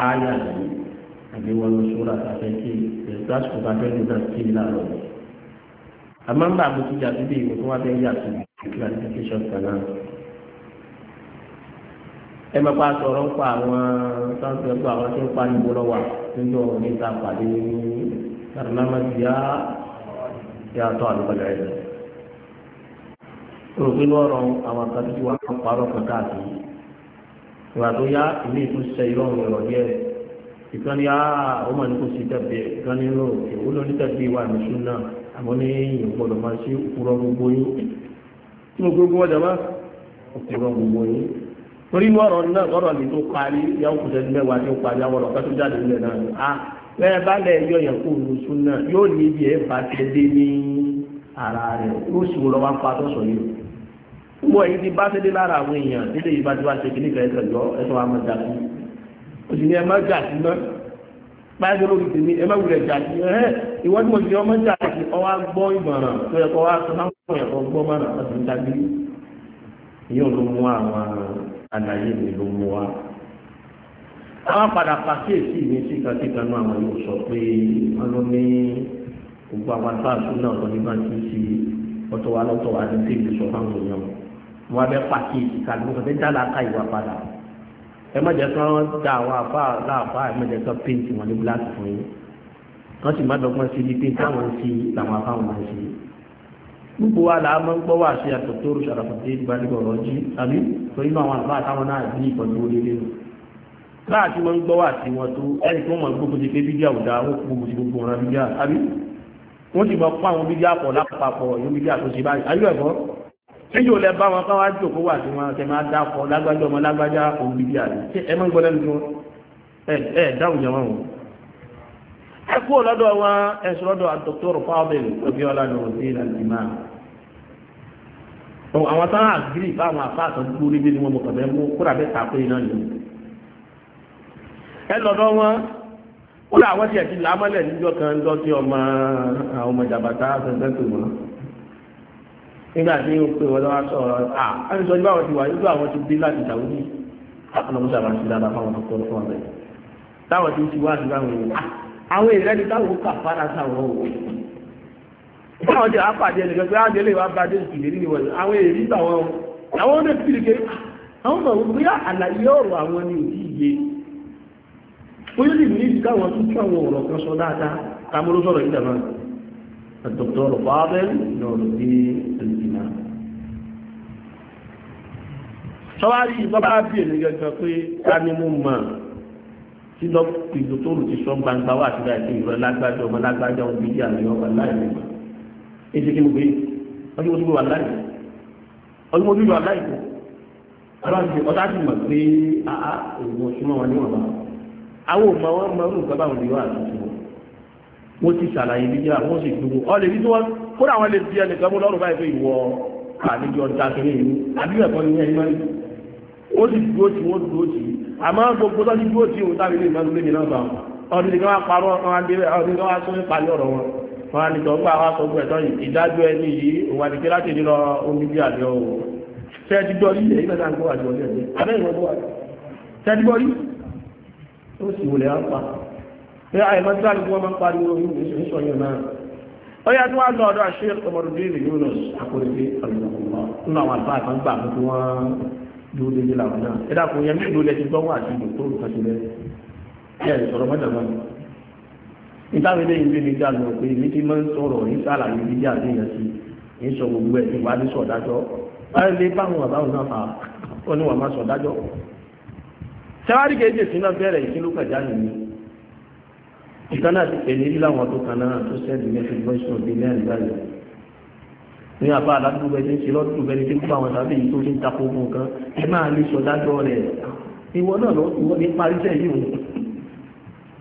ààyà yìí àbí wọnú sóra tàfẹ́ kí lásìkò bá fẹ́ lónà kí ní láàárọ̀ yìí. àmọ́ ń bá àbójútó àti bí ìwé fún wa fẹ́ yà sí ìkílásifikẹ́sọ̀n kan náà ẹ máa bá sọ̀rọ̀ ń pa àwọn sáńtẹ̀ ń pa àwọn tí ń pa níbo lọ wà nínú ní ta pàdé ní sàrànàmàtì yá yàtọ̀ àdúgbòlẹ̀ rẹ̀. olùpínlú ọ̀rọ̀ àwọn àkàtúntì tí wọ́n á parọ́ kan káàkiri. ìwà tó yá ilé ìtúnṣe ìrọ̀rùn ìrọ̀ díẹ̀ ìkan ni aa ọmọ ní kò sí tẹ̀bí ìkan ní ló ìwú ní tẹ̀bí ìwà ìmísú náà àmọ́ ní ìyẹn gbọ́dọ̀ máa ṣe òkúrọ̀ gbogbo yín. kí ló gbogbo ọjà bá òkúrọ̀ gbogbo yín torí lọ́rọ̀ náà lọ́rọ̀ ní tó parí yàwó kò sẹ́ni mẹ́wàá tó parí àwọn ọ̀rọ̀ kátó jáde nílẹ̀ náà ni ah, a bẹ́ẹ̀ bá lẹ̀ yọ yẹn kó lu sún náà yóò ní ibi ẹ̀ bá ti dé ní ara rẹ̀ yóò sì wọ́n wá pa tọ́sọ̀ yìí gbogbo èyí ti bá ti dé lára àwọn èèyàn nílé yìí bá ti wá ṣe kí nìkan ẹ̀sẹ̀ yọ ẹ̀sẹ̀ wa máa jàdí o sì ní ẹ má jàdí mọ́ báyìí lórí tèmi ẹ má wulẹ̀ jàdí ẹ ìwọ́n tí mo ti ọmọ jàdí ọwọ́ gbọ́ ìmọ̀ràn tó yẹ kó wá sọ náà fún ẹ̀kọ́ gbọ́ mọ́ràn ọ̀sìn jágbé yóò ló mú àwọn àlàyé mi ló mú wa. àwọn padà pàkíyèsí mi síkàkíkà náà àwọn yóò sọ pé wọn ló ní gbogbo àwọn àtàkùn náà lọ ní bá ti ń ṣe ọ̀tọ̀ wa lọ́tọ̀ wa ní tèmi sọ fáwọn èèyàn wọn abẹ pàkíyèsí ká ló ń fẹ́ dá làákà ìwà padà ẹ má jẹ́ kí wọn dá àwọn àfa láàfa ẹ má jẹ́ kí wọn péǹtì wọn ní gíláàsì fún yín wọn sì má dọ́gbọ́n sí ibi pé táwọn ń làwọn afáwọn máa ń ṣe gbogbo wa la mọ́ ń gbọ́ wà sí àtọ̀tọ̀rù ṣàràfàtẹ́ ìgbàlẹ́gbọ̀rọ̀ jí àbí tó inú àwọn àbá àtàwọn náà ní ìpọ̀jú orílẹ̀ nù láti mọ́ ń gbọ́ wà sí wọn tó ẹni tó mọ̀ gbogbo ti pé bídíà ò dáa ó gbogbo ti gbogbo ọ̀ràn bídíà àbí wọ́n ti mọ̀ pa àwọn bídíà pọ̀ lápapọ̀ ìlú bídíà tó ṣe báyìí ayé ẹ̀kọ́ níjó lẹ bá wọn káwá jòkó wà sí wọn ẹ mọ́ ń gbọ́ wọn ẹ dáhùn jẹ wọn o ẹ kú ọ̀lọ́dọ̀ wọn ìlànà ìmáà àwọn sáà àgírí fáwọn àfáàtọ̀ dúró níbi ni wọ́n mọ̀ kọ̀ọ̀bẹ́ mú kúrà bẹ́ẹ̀ ta pé náà nìyẹn. ẹ lọ́dọ̀ wọn ó lọ àwọn tiẹ̀ ti lámọ́lẹ̀ níjọ́ kan lọ sí ọmọ àwọn ọmọ jàbàtà fẹ́fẹ́ tó mọ́ nígbà tí ó pè wọ́n lọ́wọ́ sọ̀rọ̀ à á ń sọ ní báwọn ti wà nígbà àwọn ti bí láti dàwúdì àkànnàmúsà bá ti dára fáwọn tó kọ́ fún ọ̀rẹ́ táwọn ti ti wá sí báwọn èèyàn àwọn èèyàn ti táwọn kà fara sáwọn òwò àwọn jẹ́ àpàdé ẹnìkan pé áàdé lè wá bá dé ìpìlẹ̀ ní wọ̀nyí àwọn èrí gbà wọn àwọn ọdẹ pìlì pé àwọn ọmọ wípé ah, àlàyé ọ̀rọ̀ àwọn ni òjì iye ó yóò lè ní ìdí káwọn tún tún àwọn ọ̀rọ̀ kan sọ dáadáa kàmúrú sọ̀rọ̀ yìí dàmà àdọ̀tọ̀ ọ̀rọ̀ fàábẹ́ lọ́rọ̀ dé ẹnìkìnà sọ́wárí ìjọba bí ènìyàn kan pé ká ní mú mọ̀ tí dókítà tó rù ti sọ gbangba wà síbẹ̀ àti ìrọ̀ lágbájọ́ ọmọ lágbájọ́ ọmọ bíi àmì ọmọ láìpẹ́ èsì kí mo gbé ọdún mo tún gbé wà láì ọdún mo tún gbé wà láì kú ọlọ́dún ọ̀tá ti mọ̀ pé àá òun ọ̀ṣunmọ́ wọn níwọ̀n bá àwọn òmọ wọn mọ orúkọ báwọn lè wà àtúntò wọn mo ti ṣàlàyé bí jẹ́ àwọn sì dúró ọ lè rí tí wọ́n kódà wọn lè fi ẹnìkan mú lọ́rùn báyìí pé ìwọ àlejò ọ̀tá ìlú àbíwẹ̀ kan ní ẹ̀yìn ó sì dúró tí wọ́n dúró tí àmọ́ gbogbo tó ti tí òun tábìlì ìmọ̀ wọ́n á nìjọ gbà wá sọ́gbọ̀ ẹ̀tọ́ yìí ìdájọ́ ẹni yìí òun àdìgbé láti nílọ omi bí àjọ òun tẹ́ẹ̀dígbọ́ rí ẹ̀yìn mẹ́ta ń gbọ́ àjọ ọjọ́ ẹ̀yìn abẹ́rẹ́ ìwọ́n gbọ́ àjọ ó sì wùlẹ̀ àpá pé àìmọ́ tí láti wọ́n máa ń pariwo ìṣọ̀yọ̀ náà ó yá tí wọ́n lọ ọ̀dọ̀ ìtàwọn ilé ìgbé ní ìjà lọ pé èmi ti máa ń sọ̀rọ̀ ní sàlàyé ìdíjà sí yẹn sí ní sọ gbogbo ẹ̀ ìwà ní sọ̀dájọ́ báyìí lé báwọn àbáwọn náà fà ó ní wàá má sọ̀dájọ́. sẹ́wárí kejì sí náà bẹ̀rẹ̀ ìkílókàjá nìyí ìkan náà ti pèlè rí láwọn tó kan náà tó sẹ́ẹ̀dì mẹ́fì voice note ilé ẹ̀rí báyìí ní àbá aládùúgbò ẹni ṣe lọ́dún bẹni tí ń bá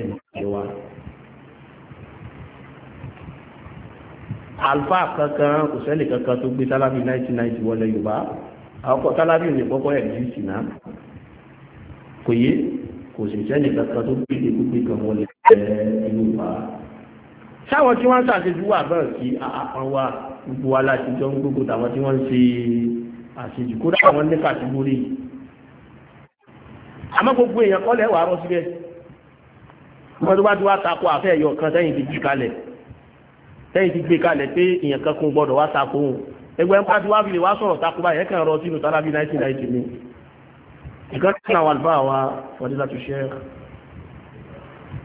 ẹnìkẹwà. àlùfáà kankan kò sẹ́ni kankan tó gbé sálábì 1990 wọlé yorùbá àwọn sálábì ni kọ́kọ́ ẹ̀ ní ìsìn náà kò yé kò sì sẹ́ni kankan tó gbé ìdè gbogbo kan wọlé ẹ̀ yorùbá. sáwọn tí wọ́n ń ṣàṣejú wà bẹ́ẹ̀ sí àwọn wa gbogbo wa láti jọ ń gbogbo tàwọn tí wọ́n ń ṣe àṣejù kódà àwọn ní kàtìgórì àmọ́ gbogbo èèyàn kọ́ lẹ́wàá rọ́ síbẹ̀ wọ́n tó bá ti wá takò àfẹ́ ẹ̀yọ̀ kan sẹ́yìn ti gbé kalẹ̀ sẹ́yìn ti gbé kalẹ̀ pé èèyàn kan kún gbọ́dọ̀ wá takò òun ẹgbẹ́ nípa tí wá fi lè wá sọ̀rọ̀ takò báyìí ẹ̀kan rọ sínú tálábí 1990 ni ìkan tí àwọn àlùfáà wa fọdílà tó ṣe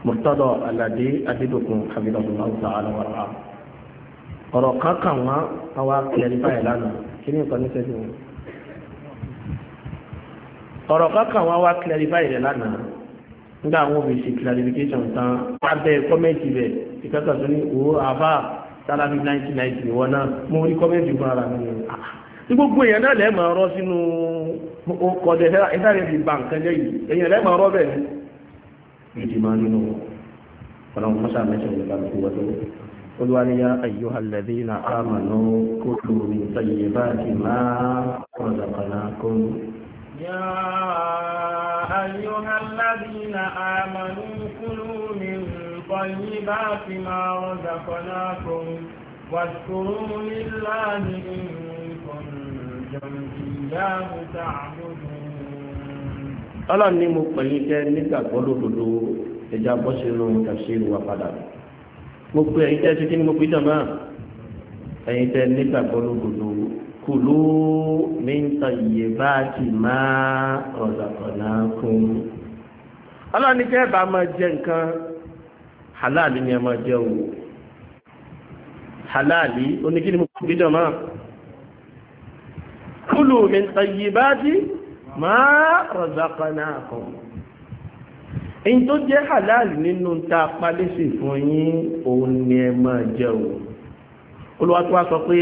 Murtada Aládé Adédòkun abidulayi ta'ala wa rahma ọ̀rọ̀ kan kàn wá àwa kẹrìfà ẹ̀ lánàá kí ni nǹkan ní sẹ́yìn wá wa nígbà àwọn òbí ṣe clarification tán abẹ́ kọ́mẹ́ǹtì rẹ̀ ìkẹ́kọ̀ọ́ tó ní owó àbá sálábí 1990 wọn náà mo rí kọ́mẹ́ǹtì fún ara mi ní gbogbo èèyàn náà lẹ́ẹ̀mọ̀ ọ̀rọ̀ sínú ọkọ̀dẹ̀ ẹ̀dáre fi ba nǹkan lẹ́yìn èèyàn lẹ́ẹ̀mọ̀ ọ̀rọ̀ bẹ́ẹ̀ ni ìdí máa nínú ọ̀làwọn mọ́sá mẹ́sàn-án ìgbà tó wọ́n tó olúwaníyá ayyuha alladhina amanu kulu min tayyibati ma razaqnakum يا أيها الذين آمنوا كلوا من طيبات ما رزقناكم واشكروا لله إن كنتم إياه تعبدون ọlọ́run ní mo pẹ̀lú jẹ́ nígbàgbọ́ lódodo ẹja bọ́ sínú tafsir wa padà mo pè ẹ̀yin tẹ́ ṣe kí ni mo pè jàmbá ẹ̀yin tẹ́ nígbàgbọ́ lódodo kulu min tayyibati ma razaqnakum ọlọ́run ní kẹ́ẹ̀bà máa jẹ nǹkan halali ni ẹ máa jẹ o halali oníkíni mo kò gbídọ̀ máa kulu min tayyibati ma razaqnakum èyí tó jẹ́ halali nínú ta palẹ́sì fún yín òun ni ẹ máa jẹ o olúwa tó wá sọ pé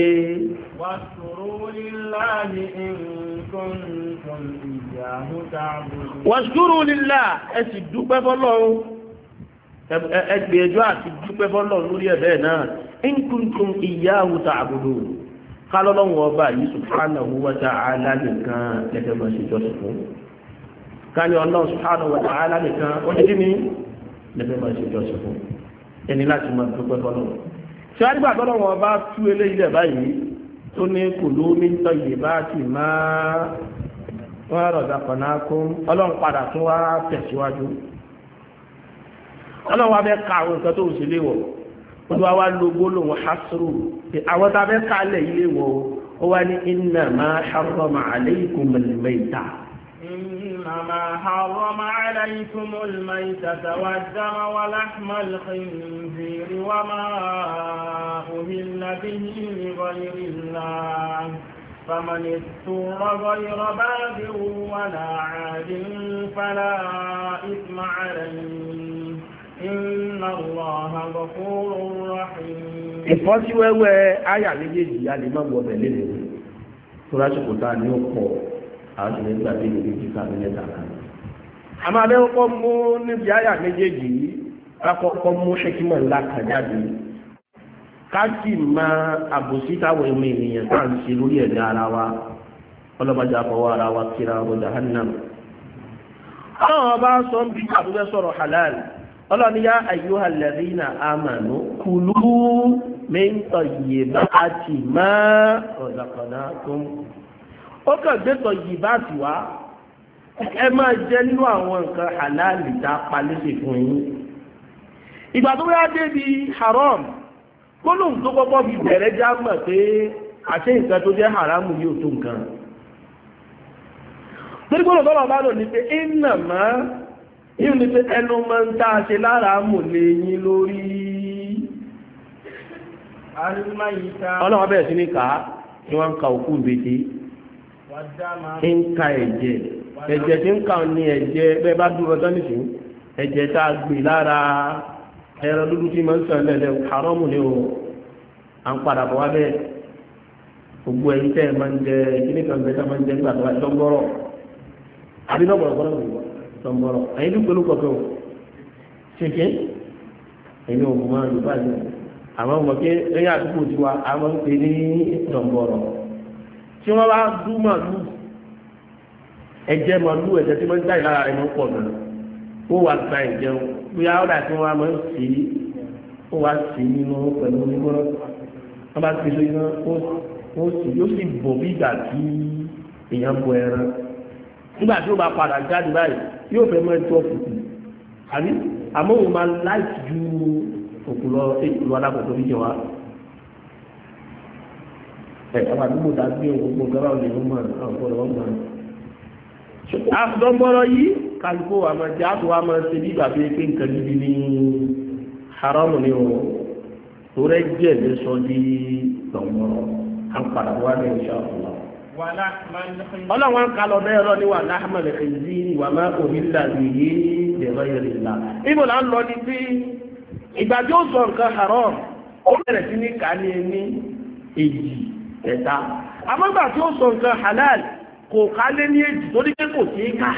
wàṣúrù lílá ẹ sì dúpẹ́ fọ́lọ́run ẹgbẹ̀ẹ́jọ́ àti dúpẹ́ fọ́lọ́run lórí ẹ̀bẹ̀ náà inkuntum iyyahu ta'budun kálọ́lọ́wọ́ ọba yìí subhanahu wa ta'ala nìkan lẹ́gbẹ̀ẹ́ bá ṣe ṣe wá nígbà tọ́lọ́ wọn bá tú eléyìí lẹ̀ báyìí tó ní kò ló ní tọ́yè bá ti máa wọ́n rọ̀dà kọ̀nà ọlọ́run padà tún wá tẹ̀síwájú ọlọ́run wá fẹ́ ka àwọn nǹkan tó ń ṣe léwọ̀ olúwa wá lo gbólóhùn hasru àwọn tá a fẹ́ ka lẹ̀ yìí léwọ̀ ó wá ní innama harrama alaykumul mayta. إنما حرم عليكم الميتة والدم ولحم الخنزير وما أهل به لغير الله فمن اضطر غير باغ ولا عاد فلا إثم عليه إن الله غفور رحيم ìfọ́síwẹ́wẹ́ áyà méjèèjì a lè má gbọ́dọ̀ lélẹ̀ tó lásìkò tá a ní ó àwọn ìṣẹ̀lẹ̀ nígbà tí ìlú méjì tàbí mẹ́ta kan. a máa lẹ́wọ́ kọ́ mú níbi àyà méjèèjì yìí lákọ̀ọ́kọ́ mú ṣẹ́kímọ̀ ńlá kan jáde àwọn ọba sọ ń bí àbúfẹ́ sọ̀rọ̀ halal ọlọ́ni yá àyíwá lẹ́rìnà àmànú kùlú mẹ́ńtọ̀ yìí bá ti máa ọ̀dàkọ̀dà tó ń kù ó kàn gbé tọ yìí bá tù wá ẹ máa jẹ nínú àwọn nǹkan halali tá a pa léṣe fún yín ìgbà tó bá dé bi haram gbólóhùn tó kọ́kọ́ fi bẹ̀rẹ̀ já mọ̀ pé àṣé nǹkan tó jẹ́ haramu yóò tó nǹkan torí gbólóhùn tó lọ bá lò ní pé iná mọ́ yóò ní pé ẹnu máa ń tá a ṣe lára mù lé yín lórí ọlọ́run bẹ̀rẹ̀ sí ní kàá ni wọ́n ń ka òkú ìbèdè ń ka ẹ̀jẹ̀ ẹ̀jẹ̀ tí ń kà ní ẹ̀jẹ̀ bẹ́ẹ̀ bá dúró ọjọ́ nìsín ẹ̀jẹ̀ tá a gbè lára ẹran dúdú tí máa ń sàn lẹ́lẹ́ haramu ni o à ń padà bọ̀ wá bẹ́ẹ̀ gbogbo ẹ̀yin tẹ́ ẹ máa ń jẹ kíní kan bẹ́ẹ̀ tá máa ń jẹ nígbà tó wá tọ́gbọ́rọ̀ àbí lọ́gbọ̀rọ̀ tọ́gbọ́rọ̀ ẹ̀yin dúpẹ́ o ṣèké ẹ̀yin ò mọ Yorùbá yẹn àwọn ọmọ kí ẹ̀yà àdúgbò ń pè tí wọ́n bá dú màálù ẹ̀jẹ̀ màálù ẹ̀jẹ̀ tí wọ́n ń dáì lára rẹ̀ mọ́ pọ̀ nù ó wà gba ẹ̀jẹ̀ o bóyá ọ̀dà tí wọ́n máa ń sí ó wà sí nínú pẹ̀lú onígbọ́nà wọ́n bá ti so iná ó sì yóò sì bọ̀ bí ìgbà tí èèyàn bọ ẹran nígbà tí ó bá padà jáde báyìí yóò fẹ́ mọ́ ẹjọ́ òkùnkùn àmọ́ òun máa láì ju òkùnlọ èkùnlọ alákòókò níjọ àwọn àdúgbò tá a gbé gbogbo gbọ́dọ̀ lè mú mọ̀ àwọn ọ̀pọ̀lọpọ̀ mọ̀ àgbọ̀gbọ̀rọ̀ yìí kálukó wa máa jẹ́ àtúwà máa ṣe bí ìgbàgbé pé nǹkan gidi ní haram ni o torí ẹgbẹ́ mi sọ di gbọ̀ngbọ̀rọ̀ ní ìṣe ọ̀la. ọlọ́wọ́n ń kalọ̀ bẹ́ẹ̀ ní wà láhàmàlẹ̀ ní pé ìgbà tí nǹkan haram ó bẹ̀rẹ̀ sí ní kàá ẹni èyí ẹ̀ta amọ́gbà tí ó sọ nǹkan halal kò ká lé ní èjì tó ní pé kò sí ká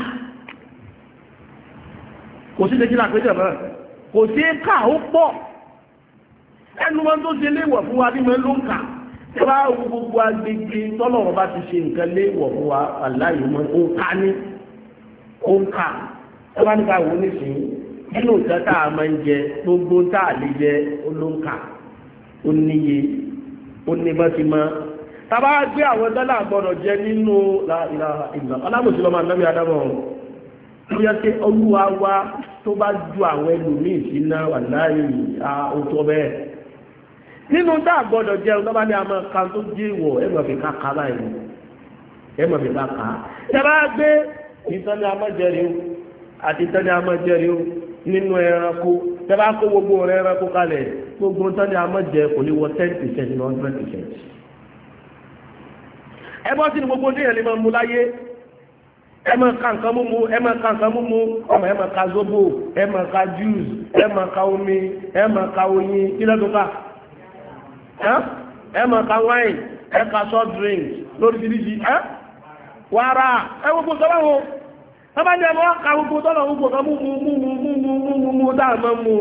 kò sí lẹ́jìlá pé jẹ̀ mẹ́rin kò sí ká ó pọ̀ ẹnu wọn tó ṣe léèwọ̀ fún wa nínú ló ń kà bá gbogbo agbègbè tọ́lọ̀rọ̀ bá ti ṣe nǹkan léèwọ̀ fún wa aláìyí mọ́ ó ká ní ó ń ká ẹ bá nípa ìwọ nísìnyí nínú nǹkan tá a máa ń jẹ gbogbo tá a lè jẹ ó ló ń kà ó níye ó ní bá ti máa tàbá gbé àwọn dọ́là gbọ́dọ̀ jẹ nínú ìlà alábòsílọ́ máa lọ́bí adámọ̀ bí a ké olúwa wa tó bá ju àwọn ẹlòmíì síná wà láàyè àótọ́ bẹ́ẹ̀ nínú tá a gbọ́dọ̀ jẹ ọlọ́ba ní àmọ́ kan tó jẹ́ ìwọ̀ ẹ mọ̀ fi káka báyìí ẹ mọ̀ fi káka tàbá gbé ìtọ́ni amọ́jẹrìí àti ìtọ́ni amọ́jẹrìí nínú ẹranko tàbá kó gbogbo ẹranko kalẹ̀ gbogbo ìtọ́ni amọ́jẹ kò ní wọ ten percent ní hundred percent ẹbọ́ sí ni gbogbo ní ẹ̀lẹ́ máa mú láyé ẹmọ ka nǹkan múmu ẹmọ ka nǹkan múmu ọmọ ẹmọ ka zobo ẹmọ ka juice ẹmọ ka omi ẹmọ ka oyin kílẹ̀dùnká ẹmọ ka wine ẹka soft drink lóríṣiríṣi ẹ wàrà ẹwọ́gbọ́n sọ́wọ́ wọn sábà ní ẹmọ ka gbogbo tọ́lọ̀ gbogbo kan múmu múmu múmu múmu múmu dáa máa mú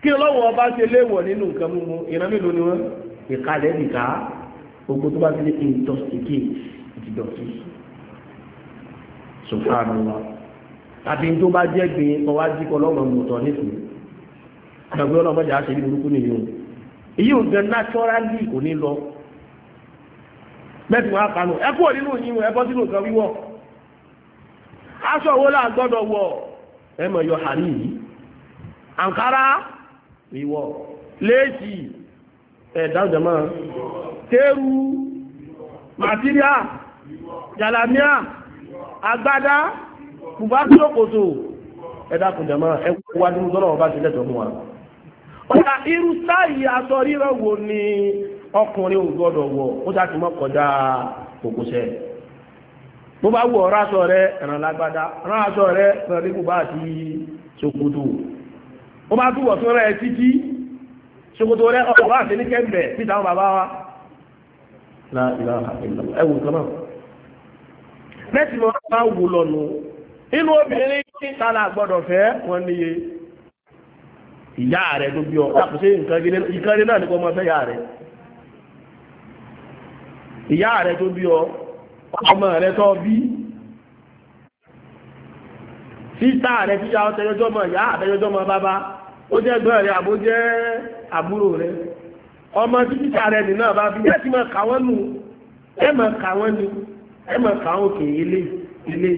kí ọlọ́wọ́ ọba ṣe léèwọ̀ nínú nǹkan múmu ìrànmílò ni wọ́n ìkàlẹ̀ nìkan gbogbo tó bá ti lè intoxicate subhanallah tàbí tó bá jẹ́ gbé ọwá jíkọ lọ́wọ́ mọ̀tọ́ nífẹ̀ẹ́ àgbẹ̀ ọlọ́mọdé àṣẹ ní burúkú nìyí o èyí ò gan naturally kò ní lọ mẹ́tì wọn àkànú ẹ kúrò nínú ẹ bọ́ wo la gbọ́dọ̀ wọ̀ ẹ yọ hàní yìí àǹkárá wíwọ́ léèsì ẹ̀dájọ́mọ́ tẹ́rù màtíríà jàlàmíà agbádá bùbá tí ó kòtò ẹ̀dàkùnjẹ̀mọ́ ẹwà nínú tọ́lọ̀ ọba ti lẹ́tọ̀ fún wa ọ̀dà irú sáàyì aṣọ rírọ̀ wo ni ọkùnrin ò gbọ́dọ̀ wọ̀ ó sáàtì mọ́ kọjá kòkòṣẹ́ bó bá wọ̀ ọ̀rọ̀ aṣọ rẹ̀ ẹ̀ràn lágbádá ọ̀rọ̀ aṣọ rẹ̀ ẹ̀ràn ṣokoto rẹ ọkọ̀ bá àfẹ́ ní kẹ́mbẹ̀ títà àwọn bàbá wa ẹwù kan náà mẹ́sì mọ́ bá wù lọ́nu inú obìnrin tí tààlà gbọ́dọ̀ fẹ́ wọn níye ìyá rẹ̀ tó bí ọ lápùsẹ́ ìkànnì náà ní kọ́ ọmọ fẹ́ ìyá rẹ̀ ìyá rẹ̀ tó bí ọ ọmọ rẹ̀ tó bí títà rẹ̀ tíyà ọtẹyọjọ́mọ ìyá àtẹyọjọ́mọ bàbá ó jẹ́ gbọ́n rẹ̀ àbó jẹ́ àbúrò rẹ̀ ọmọ títà rẹ̀ nì náà fi ẹ ti máa kà nù ẹ òkè ilé ilé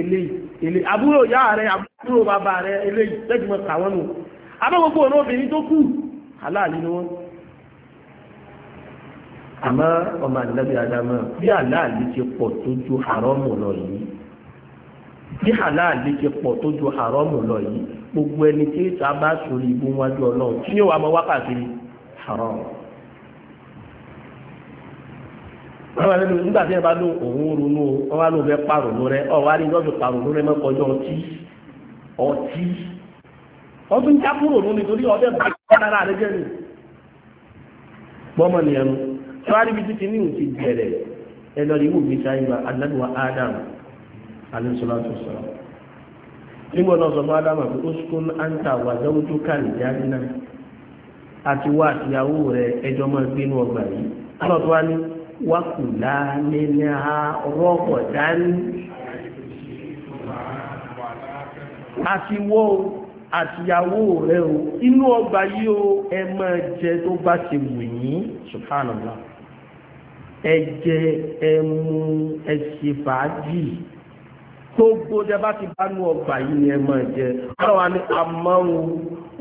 ilé ilé àbúrò yá rẹ̀ àbúrò bàbá rẹ̀ ilé máa nù gbogbo obìnrin tó kù aláàlú ni ọmọ bí aláàlú ti pọ̀ tó ju àrọ́mù lọ yìí gbogbo ẹni tí ìta bá sòrí ibú wájú ọlọ́run tí yóò wá mọ wákàtí haram. wọ́n wá nínú nígbà tí ẹ bá lóun òun ronú wọ́n wá lóun fẹ́ pàrònú rẹ ọ̀ wá ní lọ́sọ̀ pàrònú rẹ mọ́kànjọ́ ọtí ọtí ọdún jákúrò nù nítorí ọdẹ bá dára rẹ jẹ́ nì. gbọ́mọ nìyẹn nu tí wàá níbi títí ní ìhùn bẹ̀rẹ̀ ẹ lọ rí ìwò mi wa adágbà Adam alẹ́ sọlá tó sọ̀rọ̀ nígbà náà sọ fún adama pé ó sún àǹtà wà lọ́wọ́dún kàlìjà nínà àti wá àtìyàwó rẹ ẹjọ́ máa gbé inú ọgbà yìí alọ́tọ́ wa ní wákùlá nínú rọ́pọ̀ dání àti wọ́ àtìyàwó rẹ o inú ọgbà yìí o ẹ máa jẹ tó bá ti wù yín subhanallah ẹ jẹ ẹ mú ẹ ṣe fàájì gbogbo jẹ bá ti bá nú ọgbà yìí ni ẹ máa jẹ ọ̀rọ̀ wa ní amáwu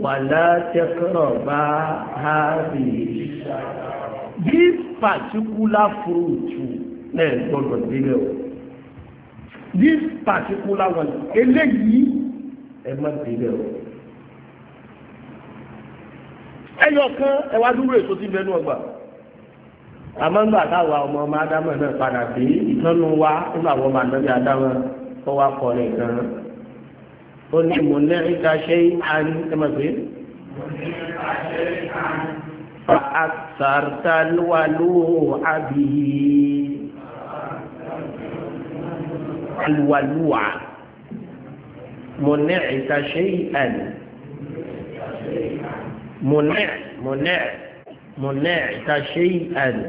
wà látẹkọrọ bá ha bì í this particular fruit náà gbọ́dọ̀ délẹ̀ o this particular one eléyìí ẹ má délẹ̀ o ẹyọ kan ẹ wá dúró èso tí bẹnu ọgbà àmọ́ ń gbà táwa ọmọ ọmọ adámọ̀ náà padà sí ìtọ́nu wa nínú àwọn ọmọ ànábì adámọ̀ ó wá kọ́ ní kan ó ní mo ní ìka ṣe àní tẹ́mọ̀ pé àtàrtàlúwàlú àbíyí alùwàlúwà mo ní ìka ṣe àní mo ní mo ní mo ní ìka ṣe àní.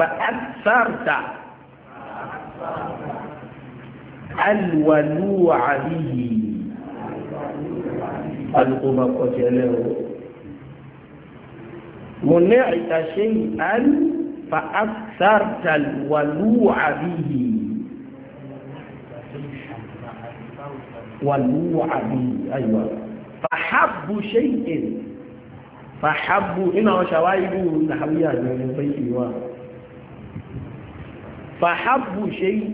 فأكثرت الولوع به القوم قتله منعت شيئا فأكثرت الولوع به ولوع به أيوة فحب شيء فحب إنه شوائب نحويا من بيتي واحد fàhábù ṣe ń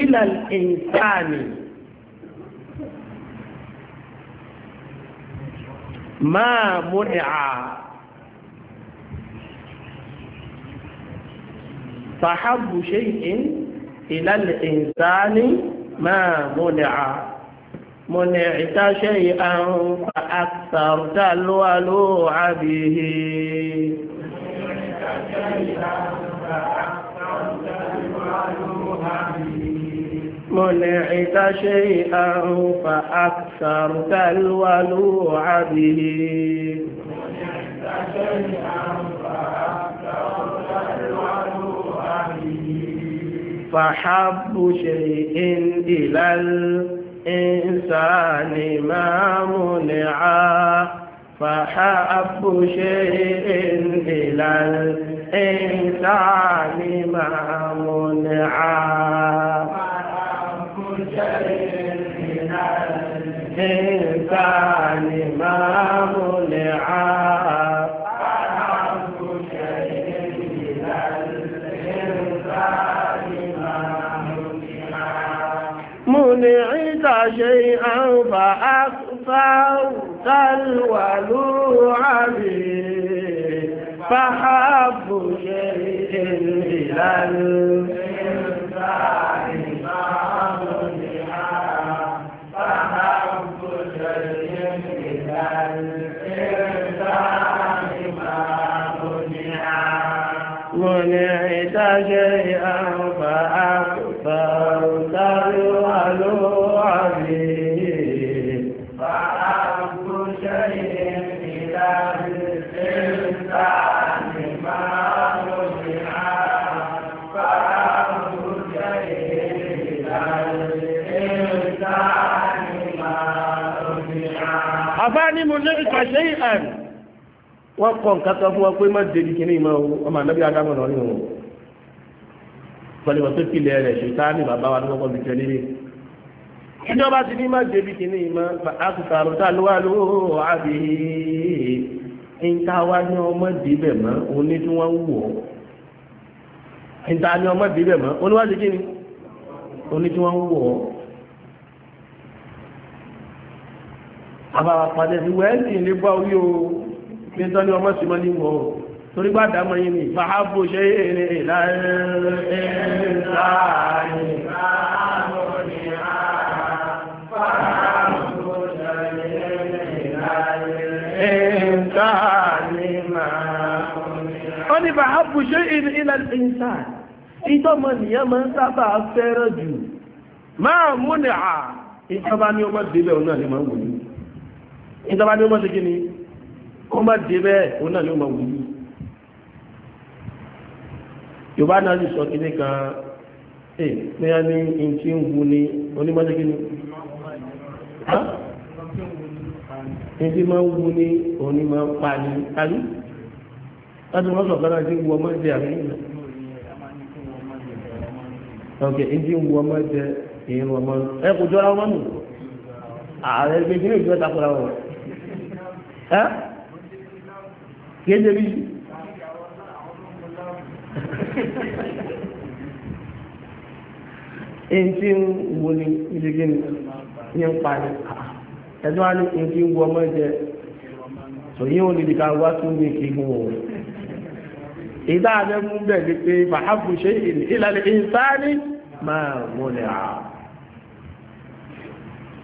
ilà ìsáàmì máa múnìá fàhábù ṣe ń ilà ìsáàmì máa múnìá múnìá ṣe ń fa àtàrúdà lóhàlóhà bìí. منعت شيئا فأكثرت الولوع به فحب شيء إلى الإنسان ما منعه فحب شيء إلى الإنسان ما منعا فحب شيء إلى الإنسان ما منعا منعت شيئا فأكثر تلولوا عليه فحب شيء إلى الإنسان ṣe àn wọ́n kọ́ nǹkan kan fún wọn pé má débi kí ní ìmọ̀ ọmọ ànábì adámọ̀ náà nínú pẹ̀lú ìwọ̀n tó kílẹ̀ rẹ̀ ṣètáàní bàbá wa lọ́wọ́ bí tẹ̀lé rí ìjọba ti ní má débi kí ní ìmọ̀ àkùsàrò tá ló wà lóhùn àbí ìta wa ní ọmọ dìbẹ̀ mọ́ oní tí wọ́n wù ọ́ ìta ní ọ́ àbára pàdé sí wẹ́ẹ̀sì ilé gbá orí o ní tán ní ọmọ símọ́ ní wọ́n torí bá dámọ́ yìí ní fàábò ṣe èrè Wọ́n ni fàábò ṣe èrè ìlànà ìsáà, ìtọ́mọ̀ nìyàn máa ń sábà fẹ́ràn jù, máa múnìá, ìjọba ní ọmọ ìdílẹ̀ ọ̀nà ni máa ń wòye ìjọba ní ó mọ́ sí kí ni kó má dé bẹ́ẹ̀ òun náà ni ó mọ̀ wù yìí yorùbá náà sì sọ kíní kan ẹ̀ pẹ́yà ní ìtí ń wu ni onímọ̀sí kí ni ẹ̀sìn máa ń wu ni òní pa ni ayé láti wọ́n sọ̀kan náà ti wu ọmọ ìdí àmì ìlú ok ìdí wu ọmọ ìdí ìrìn ọmọ ẹ kò jọra ọmọ nù ààrẹ gbẹgbẹ ìjọba takora wọn kìí ṣe bí èyí tí ń wo ni ilé gíní ní ń parí ẹ̀dùn á ní èyí tí ń wo ọmọ ẹ̀jẹ̀ tòyí ò ní ìdíkà wá tún ní kí gún òun ìdá abẹ́ mú bẹ̀ ní pé màá ṣe ìlànà ìsáni máa múlẹ̀ àá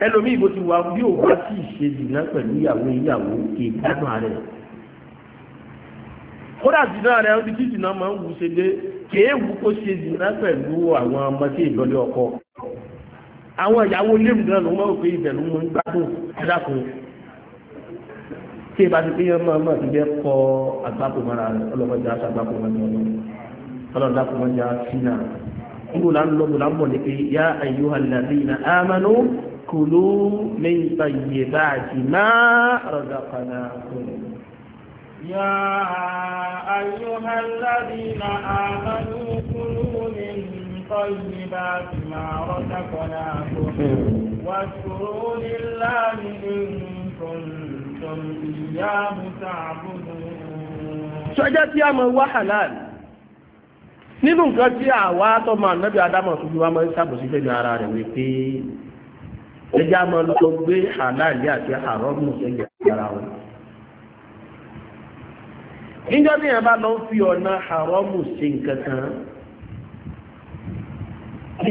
ẹlòmíì bó ti wà bí ò bá sì ṣe dìná pẹ̀lú ìyàwó ìyàwó kì í gbádùn ààrẹ kódà dìná rẹ ó ti kí máa ń wù ṣe dé kèé wù kó ṣe dìná pẹ̀lú àwọn ọmọ tí ìlọlé ọkọ àwọn ìyàwó léèmù náà ló máa ń pè ibẹ̀ ló ń gbádùn ẹ̀dàkùn tí ìbá ti péye máa máa ti bẹ́ kọ àgbákò mọ́ra ọlọ́mọdé aṣọ àgbákò mọ́ra rẹ̀ ọlọ́dà kò mọ́ra kùlú min tayyibati ma razaqnakum ya ayyuhal ladina amanu kùlú min tayyibati ma razaqnakum washkuru lillahi in kuntum iyyahu ta'budun sọ́jọ́ tí a mọ̀ wá halal nínú nǹkan tí àwa tọ́ ma nàbí adámọ̀ tó fi wá mọ́ sábòsí fẹ́mi ara rẹ̀ wípé ẹjẹ́ a máa lọ gbé àláàlì àti àrọ́gùn sẹ́yìn ara wọn. níjọ́ bí yẹn bá lọ fi ọ̀nà àrọ́gùn ṣe nǹkan kan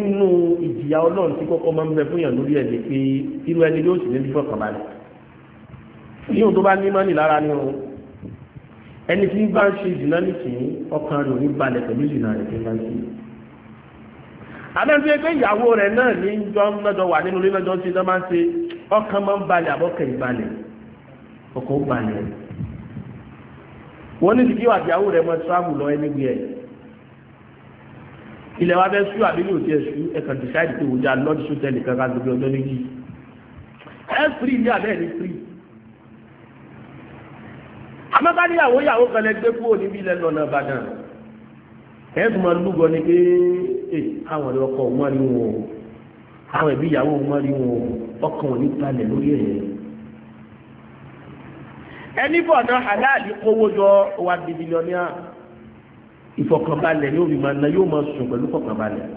nínú ìjìyà ọlọ́run tí kọ́kọ́ máa ń bẹ fún yàn lórí ẹ̀ ní pé irú ẹni yóò sì ní fọkànbalẹ̀ yíyún tó bá ní mọ́nì lára ni o ẹni tí bá ń ṣe ìdìnnà nìkín ọkàn rẹ̀ ò ní balẹ̀ pẹ̀lú ìdìnnà rẹ̀ tí bá ń ṣe àbẹ́ntí pé ìyàwó rẹ̀ náà ní jọ mẹ́jọ wà nínú ilé mẹ́jọ sí lọ́mọ́ ṣe ọkàn máa ń balẹ̀ àbọ́kẹ̀ ìbalẹ̀ ọkọ̀ ó balẹ̀ wọ́n ní ìdíkí wà ìyàwó rẹ̀ mọ́ tíráàbù lọ ẹni gbé ẹ̀ ilẹ̀ wa bẹ́ sú àbí ní òtí ẹ̀sú ẹ̀kan dìsáìdì pé òjá lọ́dí sótẹ́lì kankan gbogbo ọjọ́ méjì ẹ́sìrì ní abẹ́ ní sírì amẹ́ká níyàwó kan lẹ kúrò níbi ilẹ̀ lọ́nà Ìbàdàn ẹ̀sùn Eh, àwọn ọkọ wọn rí wọn o àwọn ẹbí ìyàwó wọn rí wọn o ọkàn òní balẹ̀ lórí ẹ̀yẹ. ẹni bọ̀ náà aláàlí kówó jọ wà di bílíọ̀nìà ìfọkànbalẹ̀ yóò fi máa na yóò máa sùn pẹ̀lú fọkànbalẹ̀.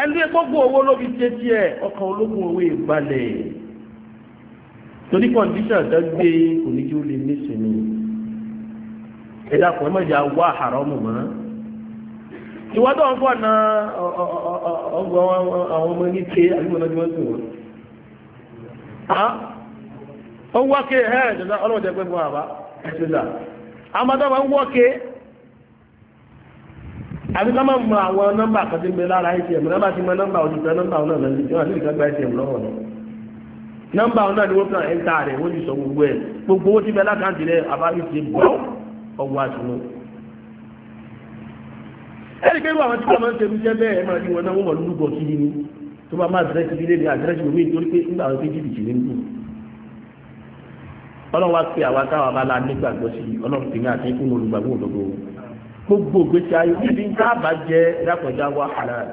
ẹni gbogbo owó ló fi ṣe tiẹ̀ ọkàn ológun owó ìbalẹ̀ torí kọ́ndíṣàn dágbé oníjó lè ní sinmi ẹ̀dá kan mọ̀jà wá àrọ́mù mọ́. ìwọ́dọ̀ ń fọ̀nà ọgbọ̀n ọmọ ní tẹ àgbọ̀nàjúmọ́sí wọn ó ń wọ́kẹ́ ẹ̀ fún àbá ń wọ́kẹ́ àti àwọn nọ́mbà lára nọ́mbà òṣìṣẹ́ nọ́mbà àti lọ́wọ́ nọ́mbà ni wọ́n ẹ́ńtà rẹ̀ wọ́n ti sọ gbogbo ẹ̀ gbogbo owó lákàntì rẹ̀ ẹni pé irú àwọn tí wọ́n máa ń tẹnu jẹ́ bẹ́ẹ̀ máa di wọn náà wọ́n wọ̀ lúgọ̀ sí ni tó bá máa dẹ́rẹ́sì ilé ní àdẹ́rẹ́sì omi nítorí pé nígbà wọn pé jìbìtì ní kù ọlọ́run wá pé àwa táwa bá la nígbàgbọ́ sí ọlọ́run tèmi àti ikú ní olùgbàgbọ́ òdodo gbogbo ògbésí ayé níbi tá a jẹ ẹ̀dàkọ̀já wá halal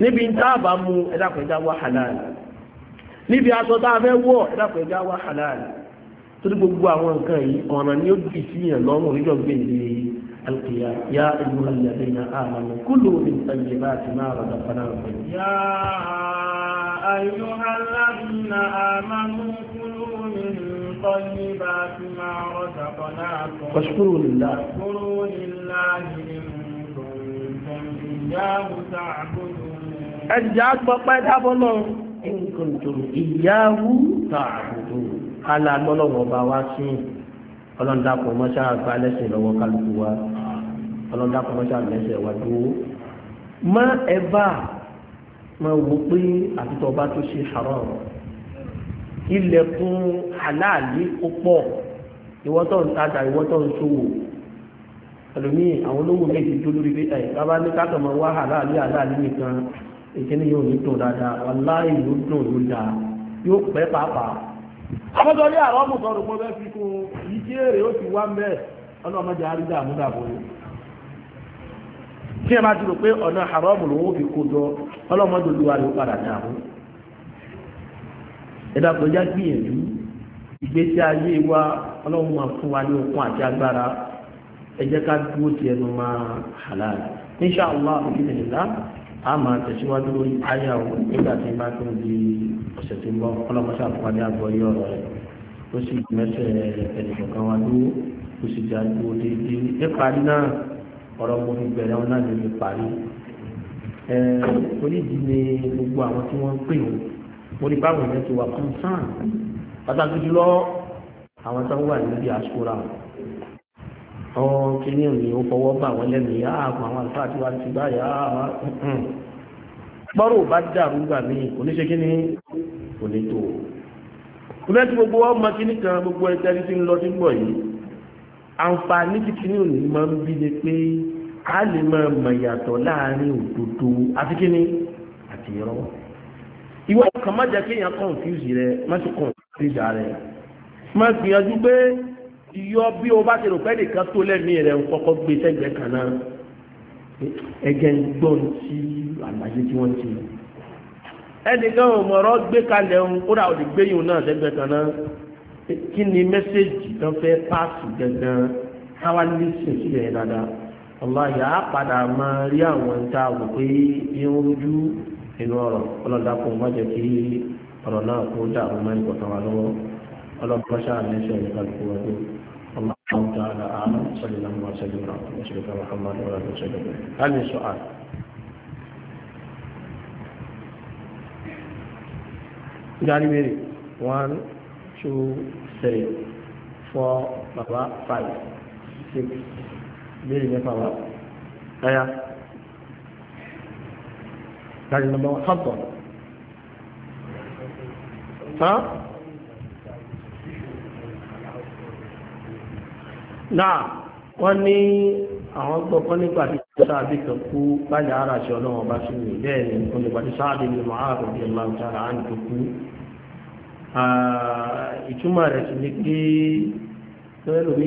níbi tá a bá mu ẹ̀dàkọ̀já wá halal níbi aṣọ tá a fẹ́ wọ̀ ẹ̀dàkọ̀já wá halal torí gbogbo àwọn nǹkan yìí ọ̀ràn ni ó dì sí yẹn lọ́rùn níjọ́ gbèǹde القيامة يا أيها الذين آمنوا كلوا من طيبات ما رزقناكم يا أيها الذين آمنوا كلوا من طيبات ما رزقناكم واشكروا لله واشكروا لله إن كنتم إياه تعبدون أجاك بقى تابلون إن كنتم إياه تعبدون على الملوك وبواسين ọlọ́ndàkùn mọ́ṣá àgbà lẹ́sìn lọ́wọ́ kálukú wa ọlọ́ndàkùn mọ́ṣá lẹ́sìn wa dúró má ẹ bá máa wò pé àtúntò ọba tó ṣe haram ilẹ̀kùn aláàlí ó pọ̀ ìwọ́tọ̀ ń tajà ìwọ́tọ̀ ń ṣòwò ẹlòmíì àwọn olówó méjì tó lórí pé ẹ bàbá ní ká kàn máa wá aláàlí aláàlí nìkan ìkíní yóò ní dùn dáadáa wàláì yóò dùn yóò dáa yóò pẹ́ pàápàá. àmọ́tọ́ ní àrọ́ mú kan rògbò bẹ́ẹ̀ fi kún yìí tí èrè ó ti wá ń bẹ́ẹ̀ ọlọ́mọdé àrídà àmúdàbò yìí tí ẹ bá ti rò pé ọ̀nà àrọ́mù ló ń fi kó jọ ọlọ́mọdé olúwa ló padà ẹ̀dá wa ọlọ́run halal inṣàlá òkè a máa tẹ̀síwájú lórí àyà òun nígbà tí bá tó di ọ̀sẹ̀ tó ń bọ̀ ọlọ́mọṣà fúnpadé àgbọ̀ yí ọ̀rọ̀ rẹ̀ ó sì mẹ́sẹ̀ ẹnìkọ̀ọ̀kan wá dúró ó sì já dúró déédéé níparí náà ọ̀rọ̀ mo fi bẹ̀rẹ̀ wọn náà lè fi parí. onídìí ni gbogbo àwọn tí wọ́n ń pè wọ́n mo ní báwọn yẹn ti wà kọ́ńtàn pàtàkì jùlọ àwọn tó wà níbi àwọn kìíní òní ó fọwọ́ bà wọ́n lẹ́nu yá àwọn ah, àwọn àlùfáà tí wàá ti báyà àwọn gbọ́rọ̀ bá dàrú gbà mí kò ní ṣe kí ni ní tó ìbẹ́ tí gbogbo ọmọ kìíní kan gbogbo ẹ̀tẹ́rí tí ń lọ sí gbọ̀ yìí àǹfààní tí kìíní òní máa ń bí ni pé a lè máa mọ̀ yàtọ̀ láàrin òdodo àti kìíní àti irọ́ ìwọ kàn má jẹ́ kéèyàn confuse rẹ má ti confuse rẹ má gbìyànjú pé yọ bí o bá ti rò pé nìkan tó lẹ́mí rẹ̀ ń kọ́kọ́ gbé sẹ́gbẹ̀ẹ́ kan náà ẹgẹ́ ń gbọ́ sí àlàyé tí wọ́n ti rò ẹnìkan ò mọ̀rọ̀ gbé kalẹ̀ ń kódà ò lè gbé yìí náà sẹ́gbẹ̀ẹ́ kan náà kí ni mẹ́sẹ̀jì kan fẹ́ páàsì gangan káwá ní sìn sílẹ̀ yẹn dáadáa ọláyà á padà máa rí àwọn ìta wò pé irun ojú inú ọ̀rọ̀ ọlọ́dàkùn má jẹ́ kí ọ̀rọ̀ náà kó dàrú mọ́ ìkọ̀tàn wa lọ́wọ́ ọlọ́pàá ṣáà ní sọ̀rọ̀ ìkàlùkù wa tó. الله تعالى أعلم صلى الله وسلم على رسولك محمد وعلى آله وسلم هل من سؤال؟ Jari beri, one, two, three, four, baba, five, six, beri ni baba. Ayah. Jari nombor satu. Ha? náà wọ́n ní àwọn gbọ́kọ́ nígbà tí sáàbì kan kú báyìí ara ṣe ọlọ́wọ́n bá sí mi bẹ́ẹ̀ ni olùgbà tí sáàbì ni mo àárọ̀ bí ọlá ń tara á nìkan kú ìtumọ̀ rẹ̀ sì ni pé lọ́wọ́ ni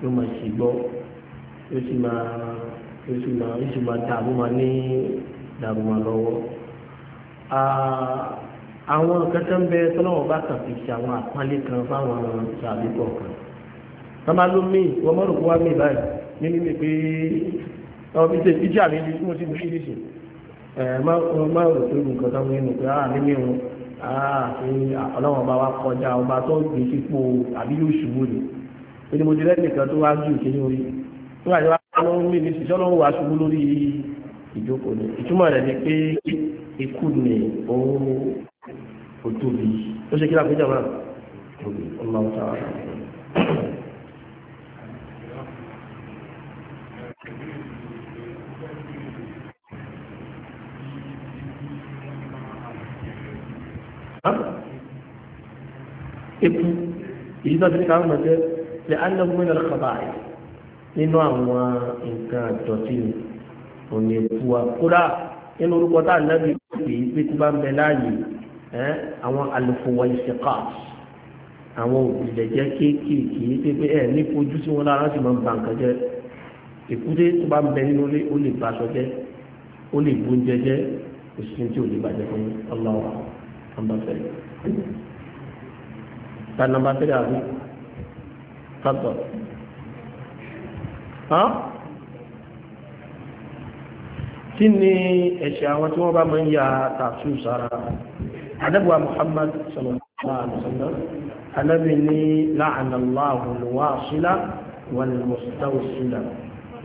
yóò máa ṣì gbọ́ àwọn kẹtẹ ń bẹ tọ́lọ́wọ́ bá kàn fi ṣe àwọn àpálẹ́ kan fáwọn ṣàbí kọ̀ọ̀kan tọ́ba ló mí wọ́n mọ́rùn kó wá mí báyìí nínú mi pé ọmọ mi ṣe ìdí àmì ibi tí mo ti fi ṣe ẹ̀ máa rò pé nǹkan tó ń gbé nǹkan á ní mi wọn á ah, fi ọlọ́wọ́n bá wa kọjá ọba tó gbé sípò àbí yóò ṣubú ni ó ní mo ti lẹ́nìkan tó wá ju ìkéde orí tó wà ní wá lọ́wọ́ mi ní ṣiṣẹ́ lọ́wọ́ wa ṣubú lórí ìjókòó ni ìtumọ̀ rẹ̀ ni pé ikú ni òun ó tóbi ó ṣe kí láti jàmá tóbi ọlọ́run sáárà eku èyí tó ti ní káwọn ọmọdé lè anáwó mẹ́rin ọ̀kọ̀bà rẹ̀ nínú àwọn nǹkan àjọsí òní eku wa kódà nínú orúkọ tá à ń lábẹ́ bá ń bẹ láàyè àwọn alùpùpù ìṣẹ̀kà àwọn òbílẹ̀jẹ́ kéékèèké pépé ẹ̀ ní fojú sí wọn lára sì máa ń ba nǹkan jẹ́ èkúté tó bá ń bẹ nínú ilé ó lè ba aṣọ jẹ́ ó lè bu oúnjẹ jẹ́ oṣù tí ò lè bàjẹ́ fún ọlọ́wà nọ́mbà fẹ́rẹ́ ta nọ́mbà fẹ́rẹ́ àbí tọ́tọ̀ kí ni ẹ̀ṣẹ̀ àwọn tí wọ́n bá máa ń ya tàtú sára anábùwà Muhammad sallallahu alaihi wasallam anábì ní láàánà láàhùn lùwà sílá wọn mùsùlùmí sílá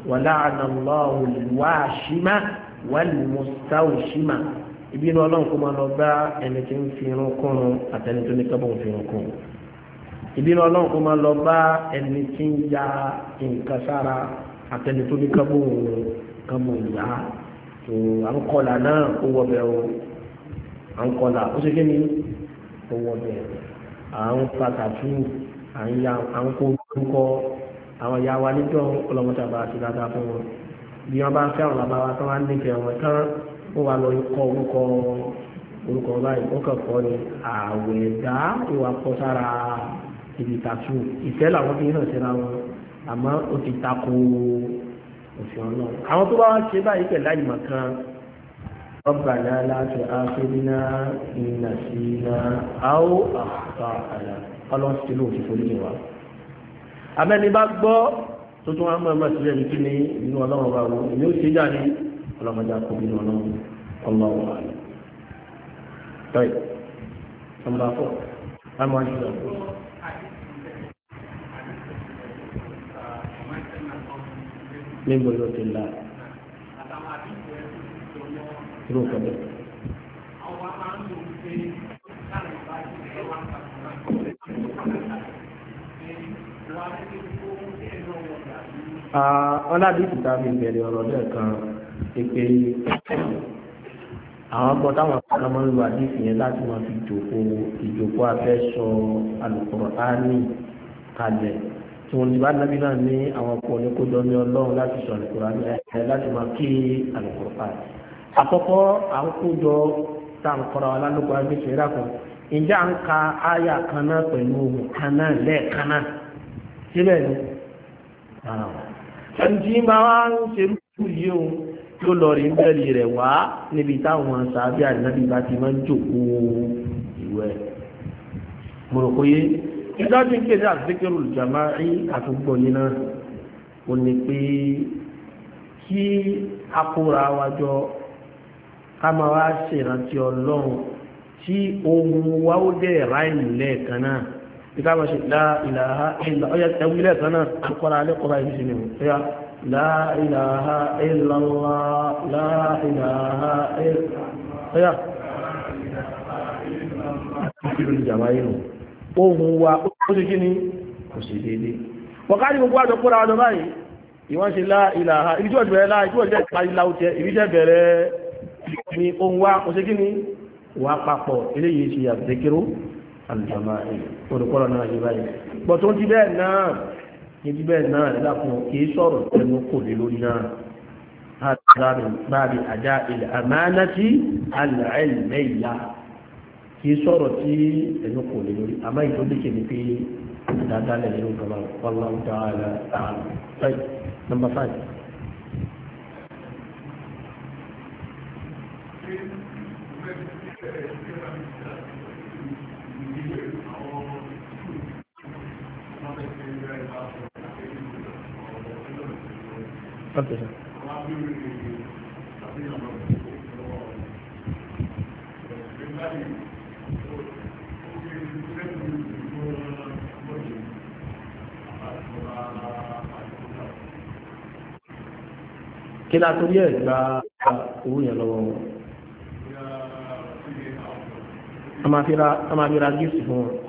wọn láàánà láàhùn lùwà símá wọn mùsùlùmí símá ibi inú ọlọ́run kó máa lọ bá ẹni tí ń fi irun kúrun àtẹni tó ní kábọ̀ ń fi irun kúrun ibi inú lọ bá ẹni tí ń ya nǹkan sára àtẹni tó ní kábọ̀ ń yá tó à náà kó wọ o à ń kọlà ó ṣe kéde ó wọ bẹ́ẹ̀ à ń pàtàkì à ń ya à ń kó orúkọ àwọn ìyá wa níjọ́ ọlọ́mọdé àbá àti dáadáa fún wọn bí wọn bá fẹ́ àwọn bàbá wa tán wá nífẹ̀ẹ́ wọn tán ó wà lọ kọ orúkọ orúkọ báyìí ó kàn kọ́ ni àwẹ̀ dá ìwà kọ sára ibi tàtú ìfẹ́ làwọn fi hàn síra wọn àmọ́ ó ti tako òfin ọlọ́run àwọn tó bá wá ṣe báyìí pẹ̀lú àyìnbọn kan ربنا لا تؤاخذنا إن نسينا أو أخطأنا ọlọ́run ti lóò ti forí níwá amẹ́ni bá gbọ́ tó tún wọn mọ̀ sílẹ̀ ní kí ni inú ọlọ́run bá wọn èmi ó ṣe já ní ọlọ́mọdé àkọ́bí ní ọlọ́run ọlọ́run wà ní. tọ́yì nọmba fọ́ láàmú wájú lọ. mi gbọ́dọ̀ ti la irú nǹkan ah, bẹ́ẹ̀. ọládìsí tàbí ìbẹ̀rẹ̀ ọ̀rọ̀ lẹ́ẹ̀kan ti pé àwọn ọkọ̀ táwọn kan máa ń lo àdìsí yẹn láti máa fi jòkó ìjòkó afẹ́sọ Al-Qur'ani kalẹ̀ tí wọ́n ti bá nábì náà ní àwọn ọkọ̀ oníkójọ́ ní ọlọ́run láti sọ Al-Qur'ani láti máa kí Al-Qur'ani àkọ́kọ́ à ń kójọ tá à ń kọ́ra wa lálùkọ́ agbésẹ̀ ìjà ń ka àyà kana náà pẹ̀lú ohun kana, náà lẹ́ẹ̀kan náà síbẹ̀ ni ẹni tí máa ń ṣe rúkú yìí o tó lọ rí bẹ́ẹ̀lì rẹ̀ wá níbi táwọn sàábì ànábì bá ti máa ń jòkó ìwẹ̀ mọ̀rọ̀kóyé ìdájú ń kéde àfikẹ́rù ìjàmá rí àtúgbọ̀ yìí náà ó ní pé kí a wájọ ká máa wá ṣèrántí ọlọ́run tí ohun wa ó dẹ̀ ráìmù lẹ́ẹ̀kan náà bí ká máa ṣe láìláha ìlà ọyá ẹwú lẹ́ẹ̀kan náà akọ́ra alẹ́kọ̀ọ́ra ìlú sí ni o ọyá láìláha ìlàlá láìláha ọyá ìlú ìjàmbá yìí ohun wa ó ṣe kí ni kò sí déédéé wọ̀kárí gbogbo àjọ kóra ọjọ́ báyìí ìwọ́n ṣe láìláha ibi tí wọ́n ti bẹ̀rẹ̀ láì tí wọ́n ti bẹ̀rẹ̀ láì láwùjẹ ibi tí wọ́n bẹ̀rẹ̀ ni ohun wa kò sí kí ni wà papọ̀ eléyìí ṣe àbẹ̀kẹ́rọ àlùjọmọ́ olùkọ́rọ̀ náà yìí báyìí pọ̀ tó ti bẹ́ẹ̀ náà níbi bẹ́ẹ̀ náà nígbà fún kìí sọ̀rọ̀ ẹnu kò lè lórí náà àtàrà báàbí àjá ilẹ̀ àmáná tí alẹ́ kìí sọ̀rọ̀ tí ẹnu kò lè lórí àmá ìtò lékè ní pé dáadáa lẹ́yìn ìgbàlá wàlá ọ̀dà àlà Okay, sir. kí la torí ẹ̀ gba owó yẹn lọ́wọ́ wọn a máa fi ra gíìsì fún wọn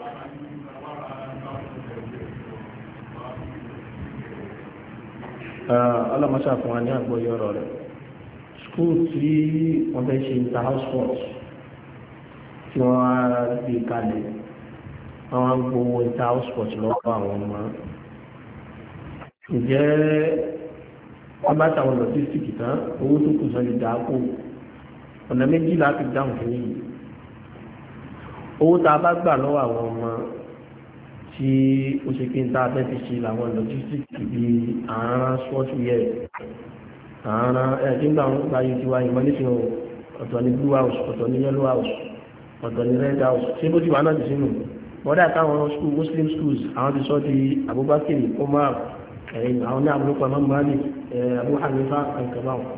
ọlọ́mọṣà fún wa ní àgbọ́yé ọ̀rọ̀ rẹ̀ skul tí wọ́n fẹ́ ṣe inter house sports tí wọ́n á gbé kalẹ̀ wọ́n á gbowó inter house sports lọ́pọ̀ àwọn ọmọ ǹjẹ́ wọ́n bá tàwọn lọ́tísítìkì tán owó tó kù sọ́ọ́ lè dà á kù ọ̀nà méjì láti dáhùn fún yìí owó tá a bá gbà lọ́wọ́ àwọn ọmọ tí ó ṣe pé ń tá abẹ́ fi ṣe làwọn lọ́jísítì bí àárán ṣọ́ọ̀tù yẹ àárán ẹ̀ẹ́dínlá ń gbáyé tiwa ìmọ̀lẹ́sìn ọ̀tọ̀ ní blue house ọ̀tọ̀ ní yellow house ọ̀tọ̀ ní red house ṣé bó ti wà náà ti sínú bọ́dà táwọn school muslim schools àwọn ti sọ di Abubakar Umar ẹ̀yìn àwọn ní abúlọ́pọ̀ ọmọ mọ́lì Abu Hanifa kankaba wọn.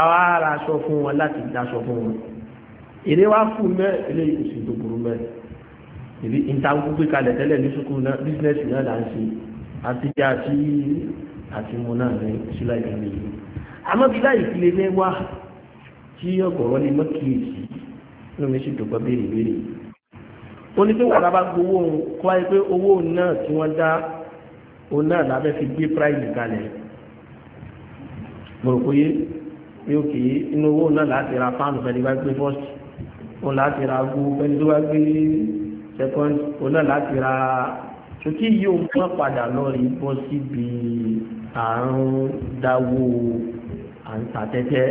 àwa ara aṣọ fún wọn láti dáṣọ fún wọn èrè wá fún mẹ́ eléyìí kò ìbí ìtawọ́ gbé kalẹ̀ tẹ́lẹ̀ ní sukù náà bísínẹ́sì náà là ń ṣe àti jẹ́ àti àti mu náà ní sílá ìdílé yìí àmọ́ bí láì fi lè mẹ́wà tí ọ̀gọ̀rọ̀ ní mọ́kìlìsì ní omi sì dùgbọ́ béèrè béèrè ó ní pé wàrà bá gbowó òun kọ́ ayé pé owó náà tí wọ́n dá òun náà lábẹ́ fi gbé price kalẹ̀ mo rò pé pé òkè inú owó náà láti ra fáànù fẹ́ni bá gbé first òun láti ra ago fẹ́ni tó bá gbé second ọ̀nà láti ra ṣókí yóò mọ́ padà lọ rí bọ́ síbi àrùn dáwó àǹtàtẹ́tẹ́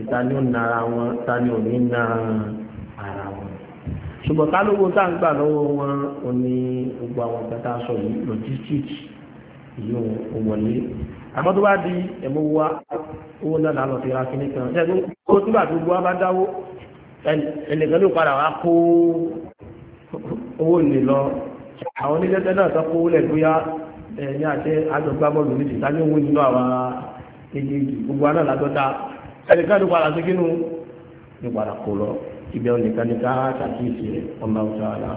ìtàní ò nara wọn tàní ní na ara wọn ṣùgbọ́n kálówó tá à ń gbà lọ́wọ́ wọn ò ní gbogbo àwọn kẹta sọ yìí logistics ìlú òwòlé àmọ́ tó bá di ẹ̀mọ́ wa owó náà lálọ́ ti ra kíní kan ṣẹ́gun kó túbà tó gbọ́ bá dáwó ẹnìkan ló padà wá kó owó lè lọ àwọn onídẹ́tẹ́ náà sọ pé owó lẹ̀ bóyá ẹ̀yìn àti àjọgbábọ́ọ̀lù ní ìtàní òun nínú àwọn èjèèjì gbogbo aná làdọ́ta ẹnìkan ló padà sí kínú ní padà kò lọ ibẹ̀ nìkan ní káà ṣàkíyèsí rẹ̀ ọmọ ọ̀tá àlá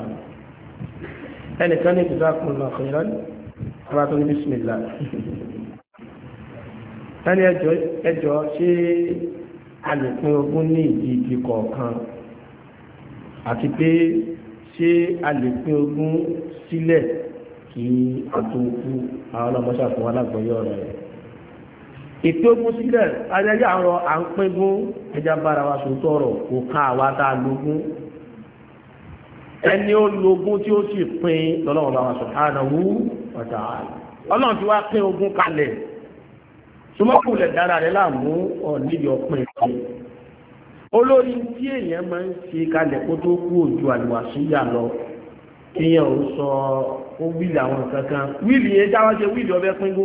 ẹnìkan ní ìtìsá kùn lọ àkọyìnrán ara tó ní bísímìlá ẹni ẹjọ́ ṣé alùpùn ní ìdí ìdí kọ̀ọ̀kan àti pé ṣé a lè pín ogún sílẹ̀ kí a tó kú àwọn ọlọ́mọṣà fún wa lágbọ̀ọ́yé ọ̀rọ̀ rẹ̀ ìpín ogún sílẹ̀ ayẹyẹ àrọ à ń pín gún ẹja bára wa sòótọ́ ọ̀rọ̀ kò ká àwa tá a lógún ẹni ó lógún tí ó sì pín lọ́lọ́wọ́ bá wa subhanahu wa ta'ala ọlọ́run ti wá pín ogún kalẹ̀ sọmọ́kù lẹ̀ dára rẹ̀ láàmú ọ̀ níbi ọ̀pìn olórí tí èèyàn máa ń fi kalẹ̀ kó tó kú òjò àlùwàsíyà lọ kíyàn ò sọ ó wíìlì àwọn nǹkan kan wíìlì yẹn dáwọ́ jẹ wíìlì ọbẹ̀ pínkú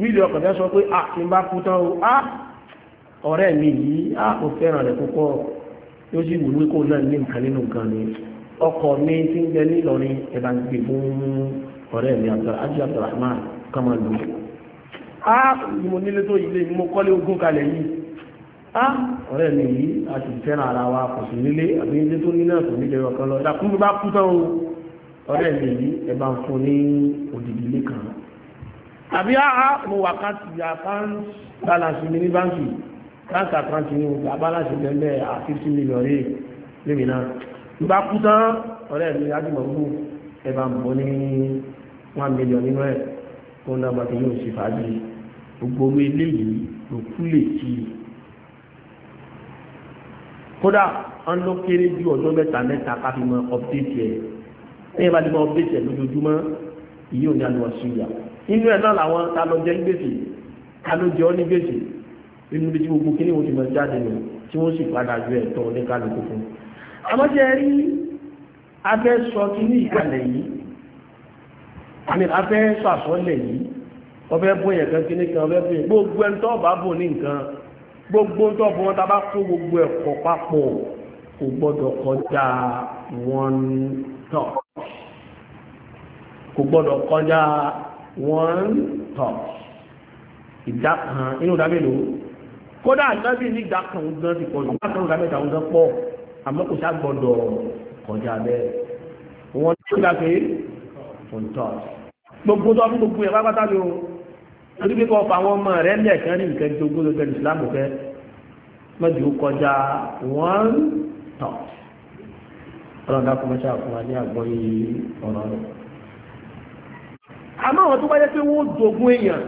wíìlì ọkọ̀ fẹ́ sọ pé à ti bá kú tán o a ọ̀rẹ́ mi yìí á kò fẹ́ràn rẹ̀ púpọ̀ yóò sì wù wípé kó náà ní nǹkan nínú nǹkan ni ọkọ̀ mi ti ń bẹ nílọrin ẹ̀bà ń gbè fún ọ̀rẹ́ mi àti Abdulrahman kọ́mọlù á mo nílé tó ilé mi mo kọ́lé ogún kalẹ̀ yìí á ah, ọ̀rẹ́ mi yìí a sì fẹ́ràn ara wa kò sí nílé àbí ilé tó ní náà kò ní jẹyọ kan lọ ìdàkùn bí bá kú tán o ọ̀rẹ́ mi yìí ẹ bá ń fún ní òdìdí ilé kan àbí àá ah, ah, mo wà ká ti àkáǹtì balance mi ní báńkì káńtì àkáǹtì mi ò gbà balance bẹ́ẹ̀ à fifty million rèé lémi náà ìgbà kú tán ọ̀rẹ́ mi adìmọ̀ gbogbo ẹ bá ń bọ́ ní one million nínú ẹ̀ kó náà bá ti yóò ṣe fàájì gbogbo owó eléyìí ló kú lè kódà wọn ló kéré ju ọjọ́ mẹ́ta mẹ́ta káfí mọ ọ̀pdétì ẹ̀ ẹ̀yìn bá ti mọ ọ̀pdétì ẹ̀ lójoojúmọ́ ìyí ò ní àlọ́ sí ìyá inú ẹ̀ náà làwọn ta ló jẹ́ gbèsè ta ló jẹ́ ọ́ ní gbèsè inú bí tí gbogbo kí ni wọ́n ti mọ jáde nù tí wọ́n sì padà ju ẹ̀tọ́ oníkálukú fún un. àmọ́ ṣe rí abẹ́ sọ kíní ìkàlẹ̀ yìí àmì abẹ́ sọ àsọ́lẹ̀ yìí ọbẹ̀ bóyẹ̀ kan kíní kan ọbẹ̀ bóyẹ̀ gbogbo ẹni tó ọba bò gbogbo tó fún wọn tá a bá kó gbogbo ẹ̀kọ́ papọ̀ kò gbọ́dọ̀ kọjá one touch kò gbọ́dọ̀ kọjá one touch ìdá kan inú ìdá mélòó kódà nábì ní ìdá kan gan ti pọ̀ jù ìdá kan ìdá mẹ́ta gan pọ̀ àmọ́ kò sá gbọ́dọ̀ kọjá bẹ́ẹ̀ wọ́n tó dà pé one touch gbogbo tó fún gbogbo ẹ̀ pápátá ni o torí pé kọ́ fà wọn mọ̀ rẹ̀ lẹ́ẹ̀kan ní nǹkan tó gbọ́dọ̀ tẹ̀lé ìsìlámù fẹ́ mọ́jú kọjá wọ́n tọ̀ ọlọ́dà kọmọṣẹ́ àfún wa ní àgbọ̀ yìí ọ̀rọ̀ rẹ̀. àmọ́ àwọn tó bá jẹ́ pé wọ́n jogún èèyàn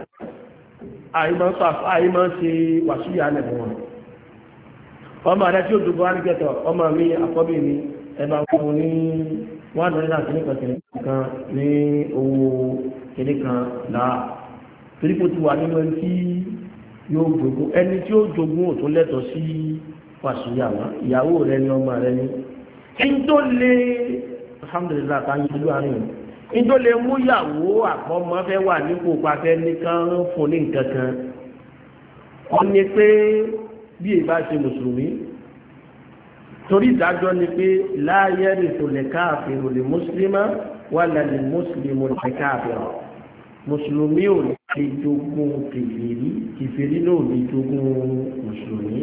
àìmọ́ ṣe wàṣíyà lẹ́bùn wọn ọmọ rẹ tí ó jogún wá ní kẹtọ ọmọ mi àkọ́bí mi ẹ bá fún un ní one hundred and twenty kan ní owó kìnnìkan náà torí kò ti wà nínú ẹni tí yóò jogún ẹni tí yóò jogún ò tún lẹ́tọ̀ọ́ sí wàṣíyàwó ìyàwó rẹ ni ọmọ rẹ ni ń tó lé alhamdulilayi ká yíjú àárín yìí ń tó lé mú ìyàwó àpọ́mọ́ fẹ́ wà nípò pàfẹ́ nìkan fún ní nǹkan wọ́n ní pé bí ìbá ṣe mùsùlùmí torí ìdájọ́ ni pé láyé rìsòlè káàfin olè mùsùlùmá wà lálẹ́ mùsùlùmí olè káàfin mùsùlùmí ò lè jogún kèfèrí kèfèrí náà ò lè jogún mùsùlùmí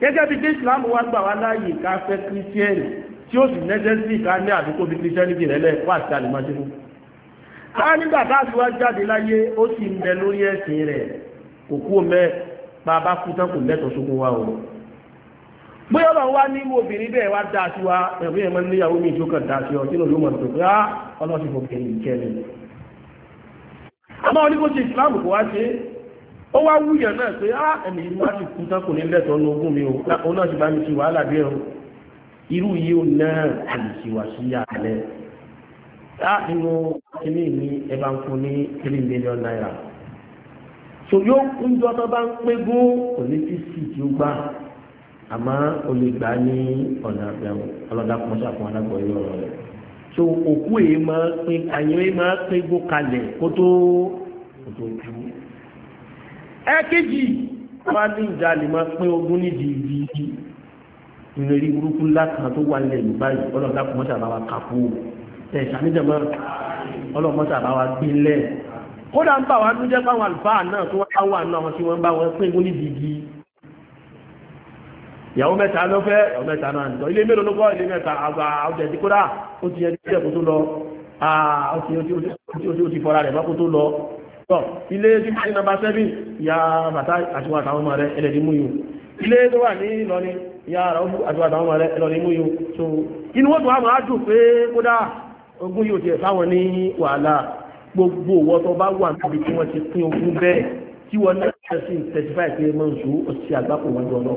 gẹ́gẹ́ bí tí islam wá gbà wá láàyè ká fẹ́ kírísítẹ́nì tí ó sì nẹ́sẹ̀sì ká ní àdúgbò bí kírísítẹ́nì rẹ̀ wà sí àlùmọ́sílù ká nígbà tá a fi wá jáde láyé ó sì ń bẹ lórí ẹ̀sìn rẹ̀ kò kú mẹ́ bá a bá kú tán kò lẹ́tọ̀ọ́ sókun wa o bóyá ọlọ́run wá ní irú obìnrin bẹ́ẹ̀ wá dáa sí wa ẹ̀mí ẹ̀mọ́ níyàwó mi ìjókòó dáa sí ọ àmọ́ oníkó ti ìsìláàmù kò wá ṣe ó wá wúyàn náà pé á ah, ẹ̀mí ìlú wá ti kún tákùn nílẹ̀ tó ní ogún mi o òun náà ti bá mi ṣe wàhálà bí ẹ̀rọ irú yìí ó náà àlùsíwà sí àlẹ́ á ah, nínú kíní ní ẹ ń fún ní three million naira so yóò ń jọ tó bá ń pé gún òní tí sì tí ó gbà àmọ́ olè gbà ní ọ̀nà àbẹ̀wò ọlọ́dà kọ́ńtà fún alágbọ̀ọ́yọ̀ rẹ̀ so òkú yìí máa pín àyìn yìí máa pín gbó kalẹ̀ kó tó kó tó kú. ẹ̀kejì wọ́n á ní ìjà lè máa pín ogún nídìí ìdí ìrírí burúkú ńlá kan tó wà nílẹ̀ yorùbá yìí ọlọ́run dákun mọ́tà bá wa kàkó ẹ̀ sàmìjọba ọlọ́run mọ́tà bá wa gbé lẹ̀ kódà ń bà wá lójẹ́ fáwọn àlùfáà náà tó wá wà náà wọn tí wọ́n bá wọn pín ogún nídìí ìdí ìyàwó mẹ́ta ló fẹ́ ìyàwó mẹ́ta náà nìkan ilé mélòó ló kọ́ ilé mẹ́ta àgbà ọjà tí kódà ó ti yẹ díẹ̀ kó tó lọ ó ti fọ́ra rẹ̀ bá kó tó lọ tọ́ ilé tí wọ́n ní nọ́mbà sẹ́fì ìyá bàtà àti wọn àtàwọn ọmọ rẹ̀ ẹlẹ́dí mú yìí ilé tó wà ní Ìlọrin ìyá àràwọ̀ àti wọn àtàwọn ọmọ rẹ̀ ẹlọ́ni mú yìí so inú wọn tó wà máa dùn pé kódà ogún yóò tiẹ̀ fáwọn ní wàhálà gbogbo wọn tó bá wà níbi tí wọ́n ti pín ogún bẹ́ẹ̀ tí wọ́n náà tẹ̀sí tẹ̀sífà ìpè mọ́ǹsù ọ̀sẹ̀ àgbákò wọn jọ náà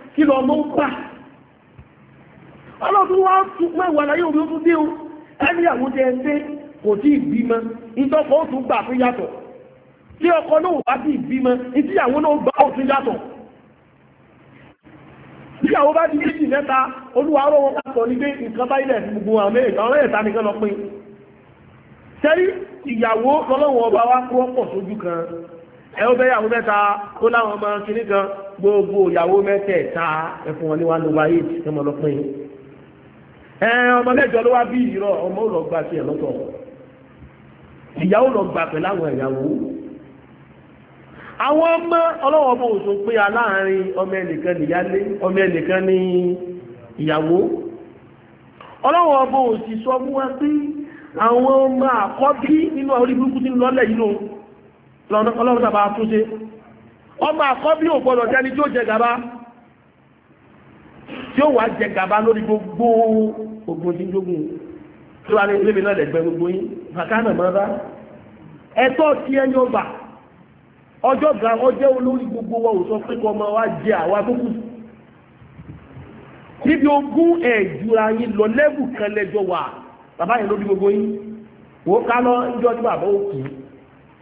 kí lọ mọ́ ń pà ọlọ́dún wá tún pẹ́ wà láyé orí oṣù dé o ẹni àwọn jẹ ẹgbẹ́ kò tí ì bímọ ìtọ́kọ̀ ó tún gbà fún yàtọ̀ tí ọkọ náà bá sì bímọ ìtíyàwó náà gbà ó tún yàtọ̀ ìyàwó bá di méjì mẹ́ta olúwa ọ̀rọ̀ wọn pàtó ní pé nǹkan bá ilẹ̀ gbogbo àwọn ẹ̀ta nìkan lọ pín sẹ́rí ìyàwó lọ́lọ́wọ́ ọba wa kú ọ̀pọ̀ sójú kan ẹ̀ ó bẹ́yàwó mẹ́ta ó láwọn ọmọ kìnnìkan gbogbo ìyàwó mẹ́tẹ̀ẹ̀ta ẹ̀fún wọn ní wà lówà yìí tí wọ́n lọ pín ẹ̀ẹ́n ọmọ mẹ́jọ ló wá bí ìrọ̀ ọmọ ò lọ gba tiẹ̀ lọ́tọ̀ ìyàwó lọ gbà pẹ̀lú àwọn ìyàwó àwọn ọmọ ọlọ́wọ́ ọmọ òṣùn pé aláàárín ọmọ ẹnìkan níyálé ọmọ ẹnìkan ní ìyàwó ọlọ́wọ́ ọmọ òṣì sọ mú wá pé àwọn ọmọ àkọ́bí nínú orí burúkú nínú lọ́lẹ̀ yìí lọ́nà ọlọ́run tàbá túnṣe ọmọ àkọ́bí ò gbọ́dọ̀ jẹ́ni tí ó jẹ gàba tí ó wà jẹ gàba lórí gbogbo ogun tí ń jogun tí wàá ní lébi náà lẹ́gbẹ́ gbogbo yín bàkánà máa bá ẹ̀tọ́ tí ẹni ọgbà ọjọ́ ga ọjọ́ olórí gbogbo wa ò sọ pé kọ́ ọmọ wa jẹ àwa gbogbo níbi ogún ẹ̀júra yín lọ lẹ́bù kan lẹ́jọ wà bàbá yẹn lórí gbogbo yín wò ó ká lọ ń jọ́ tí bàbá ó kù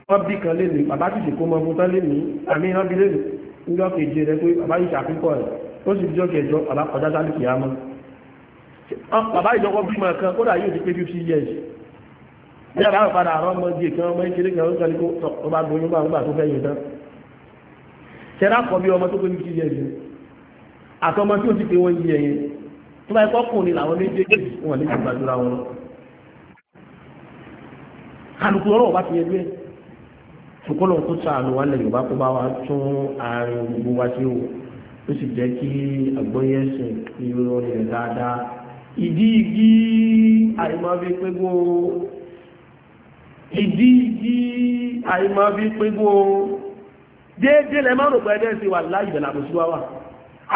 wọ́n bí kan lénìí bàbá ti ṣe kó mọ fún tán lénìí àmì iná bí lénìí níjọ́ keje rẹ pé bàbá yìí ṣàfikọ́ rẹ̀ ó sì jọ́ kẹjọ bàbá kọjá sáré kìá mọ́ bàbá ìjọkọ bímọ kan kódà yóò ti pé fifty years ní àbá padà àwọn ọmọ díẹ̀ kan ọmọ ìkéré kan ó kàn ní kó tó bá gbóyún bá gbà tó fẹ́ yìí tán ṣẹlá kọ bí ọmọ tó pé fifty years àtọmọ tí ó ti pé wọ́n yí ẹyin tó bá ikọ́ kùn ní làwọn méjèèjì wọn ní ìgbàdúrà wọn kálukú ọlọ́wọ́ bá ti yẹ bí ẹ tukolo kó sàánú wa lẹ́yìn bá kó bá wa tún àárín gbogbo wa sí o ó sì jẹ́ kí àgbọ́yé ẹ̀sìn kí ó lọ rẹ̀ dáadáa ìdí igi àìmọ́bí pégbó ìdí igi àìmọ́bí pégbó déédéé lẹ́ máa ń rò pé ẹgbẹ́ ẹ̀sìn wà láì ìbẹ̀lẹ̀ àbòsí wa wà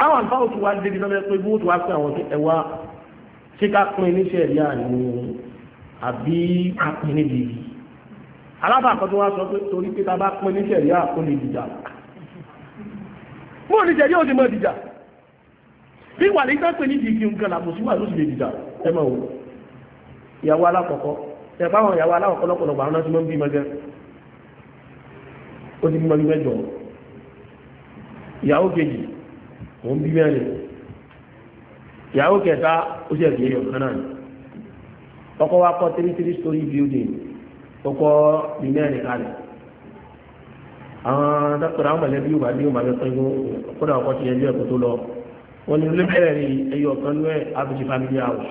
àwọn àlùfáà tó wá débi lọ́mọ pégbó tó wá pé àwọn ẹ̀wà ṣé ká pín níṣẹ́ ẹ̀rí àní àbí ká pín níbi yìí alábàkọ́ tó wá sọ pé torí pé ta bá pín ní ṣẹ̀ríà kó lè dìjà mú ní ṣẹ̀ríà ó ti mọ́ dìjà bí wà ní sápẹ́ ní ìdíkì nǹkan làbòsí wà ló sì lè dìjà ẹ mọ̀ o ìyàwó alákọ̀ọ́kọ́ ẹ̀pá àwọn ìyàwó alákọ̀ọ́kọ́ lọ́pọ̀lọpọ̀ àwọn náà ti mọ́ bí mọ́gẹ́ ó ti bímọ bí mẹ́jọ ìyàwó kejì òun bí mẹ́rin ìyàwó kẹta ó sì ẹ̀gbẹ́ story building ọkọ̀ ìmẹ́rin kalẹ̀ àwọn dákọ̀rọ̀ àwọn mọ̀lẹ́bí yóò bá ní òmà lọ́tọ́ igun kódà ọkọ̀ ti ẹjọ́ ẹ̀kọ́ tó lọ wọn ni ilé bẹ̀rẹ̀ rí ẹyọ ọ̀kan ní abuji family house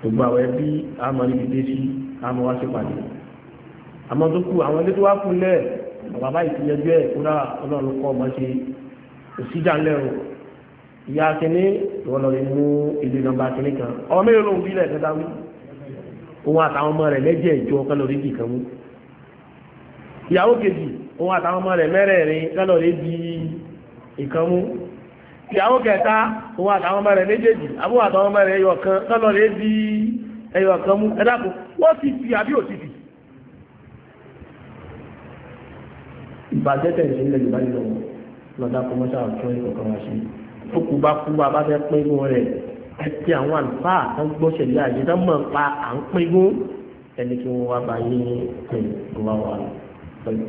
gbogbo àwọn ẹbí àmọ́ níbi dé sí àmọ́ wá sí pàdé àmọ́ tó kù àwọn ilé tó wá fúnlẹ̀ bàbá ìtìlẹ́jọ́ ẹ̀ kódà ọlọ́run kọ́ ọmọ ṣe òsíjà ńlẹ̀ ìyá kìnní ìwọlọ́rin mú ilé nọ́mbà kìnní kan ọmọ mélòó ló bí ilẹ̀ kẹta wí òun àtàwọn ọmọ rẹ̀ lẹ́jẹ̀ ìjọ kálọ̀rí bì kan mú ìyàwó kejì òun àtàwọn ọmọ rẹ̀ mẹ́rẹ̀ẹ̀rin kálọ̀rí bì ìkan mú ìyàwó kẹta òun àtàwọn ọmọ rẹ̀ méjèèjì àbúrò àtàwọn ọmọ rẹ̀ ẹyọ kan kálọ̀rí bì ẹyọ kan mú ẹ dákun wọ́n ti fi àbí òtítì ìbàjẹ́ tẹ̀lé ilẹ̀ ìbáyìí lọ́wọ́ lọ́dá kọmọ́ṣà ọ̀tún ìkọ̀kan wá sí tó kú bá kú bá bá fẹ́ pín inú rẹ̀ ẹtì àwọn àlùfáà tó gbọ́sẹ̀ lé àyè tó mọ̀ pa à ń pínkún ẹni kí wọ́n wá bá yé pé wọ́n wà pẹ̀lú.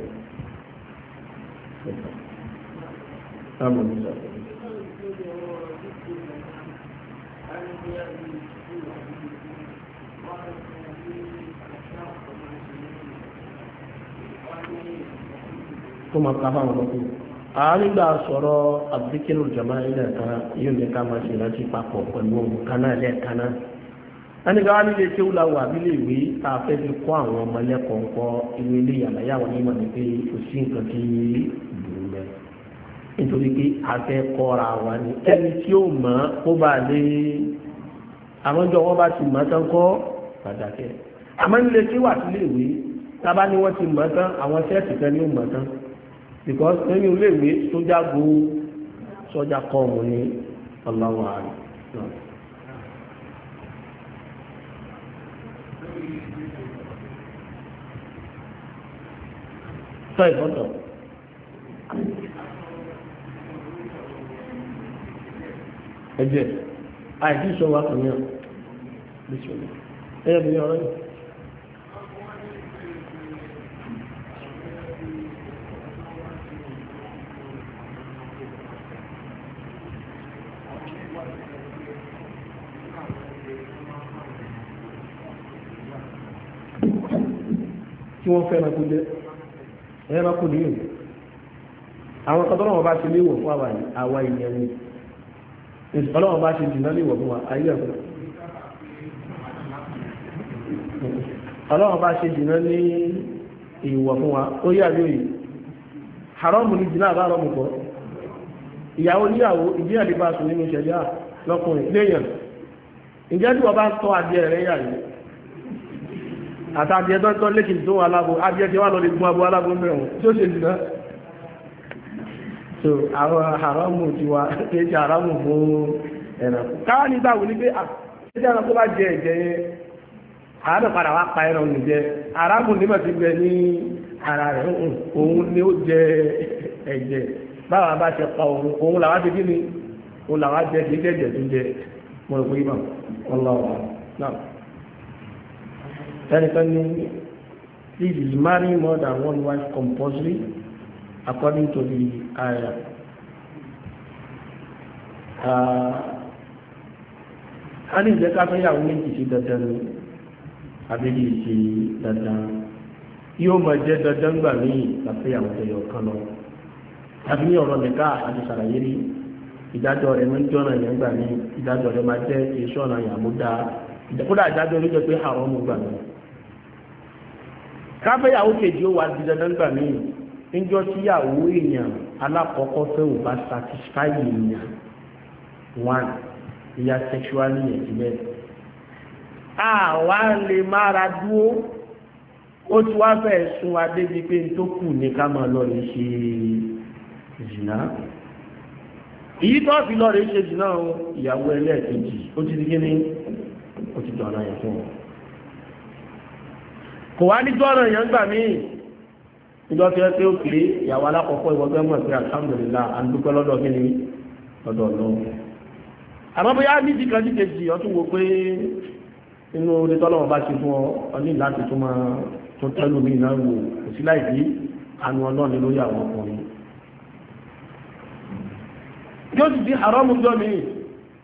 Kó máa ka fáwọn àárígbà sọ̀rọ̀ àbíkínú jama ilẹ̀ kan yóò ní ká máa ṣèrántí papọ̀ pẹ̀lú ohun kaná ilẹ̀ kaná ẹnìkan wá nílé tí ó la wà nílé ìwé tá a fẹ́ fi kọ́ àwọn ọmọ ẹlẹ́kọ̀ọ́ ńkọ́ ìwé ilé yàrá-yàwó nímọ̀ ní pé kò sí nǹkan tí dùn mẹ́ nítorí pé a fẹ́ kọ́ra wa ni ẹni tí ó mọ̀ kó bá lé àwọn wọn bá ti mọ̀ tán kọ́ pàtàkì àmọ́ nílé tí wà sílé ìwé tábà ni wọ́n ti mọ̀ tán àwọn sẹ́ẹ̀tì kan ni ó mọ̀ tán because nínú ilé ìwé sójà gbó sójà kọ́ ọmọ ní ọlọ́wọ́ àárẹ̀ náà. tọ́ ìfọ́tọ̀. ẹ̀jẹ̀ àìsí ìṣọ́wà kan náà bí ṣọ́lá ẹ̀yẹ́ bí ọ̀rọ̀ yìí. tí wọ́n fẹ́ ẹranko jẹ́ ẹranko ní ìlú àwọn kan ọba bá ṣe léwọ̀ fún àwa àwa ìyẹn ni ìtọ́lọ́wọ́n bá ṣe jìnnà léwọ̀ fún wa ayé ẹ̀kọ́ ọlọ́wọ́n bá ṣe jìnnà ní ìwọ̀ fún wa ó yà yóò yìí haramu ni jìnnà àbá rọ̀mù kọ́ ìyàwó níyàwó ìgbéyàwó bá sùn nínú ìṣẹ̀lẹ̀ lọ́kùnrin léèyàn ìjẹ́jú ọba tọ́ adìẹ rẹ̀ yà yìí àtàbí ẹjọ́ tọ́ lékìí tó wà lábò abíẹ́jẹ́ wà lọ lè gún abú alábò mẹ́rùn tó ṣe jùlọ so àwọn haramu ti wà kéjì haramu fún ẹ̀rànkú káwà ní ìgbàwò ní pé àkéjì ẹ̀rànkú bá jẹ ẹ̀jẹ̀ yẹn àádọ́ padà wá pa ẹran nù jẹ haramu nígbà tí bẹ ní ara rẹ̀ òun ni ó jẹ ẹ̀jẹ̀ báwa bá ṣe pa òun òun làwa ti kí ni òun làwa jẹ kì í jẹ ẹ̀jẹ̀ tó ẹnìkan ní please is marrying more than one wife compulsory according to the ayah ah, a ní ìjẹ́ káfẹ́ ìyàwó méjì sí dandan ní àbílí sí dandan yóò máa jẹ́ dandan gbà ní tẹ̀yọ̀ kan lọ tàbí ní ọ̀rọ̀ nìka àti sàlàyé rí ìdájọ́ rẹ̀ máa jọ́nà yẹn gbà ní ìdájọ́ rẹ̀ máa jẹ́ èso ọ̀nà ìyàmúdá kódà ìdájọ́ kábẹ́yàwó kejì ó wà dídẹ́dẹ́ gbà mí níjọ́ tíyàwó èèyàn alákọ̀ọ́kọ́ fẹ́ ò bá satisfy èèyàn one ìyá sexually yẹn ti bẹ́ẹ̀. àwa lè mára dúró ó ti wá fẹ́ sun wa débi pé n tó kù ní ká máa lọ lè ṣe zìnà èyí tó fi lọ lè ṣe zìnà ìyàwó ẹlẹ́ẹ̀kejì ó ti di kíní ó ti dọ̀nà yẹn kò wá níjọ́ ọ̀nà èèyàn gbà mí níjọ́ tí wọ́n pé ó kéré ìyàwó alákọ̀ọ́kọ́ ìwọ́n fẹ́ mọ̀ sí alhamdulillah àdúpẹ́ lọ́dọ̀ kí ni lọ́dọ̀ lọ́wọ́ àmọ́ bóyá níbi kan sí kejì ọtún wo pé inú orí tọ́lọ́wọ́ bá ti fún ọ ọ ní láti tún máa tún tẹ́lú mi náà wò kò sí láì bí àánú ọlọ́ọ̀ni lórí àwọn ọkùnrin yóò sì di àrọ́mù jọ́ mi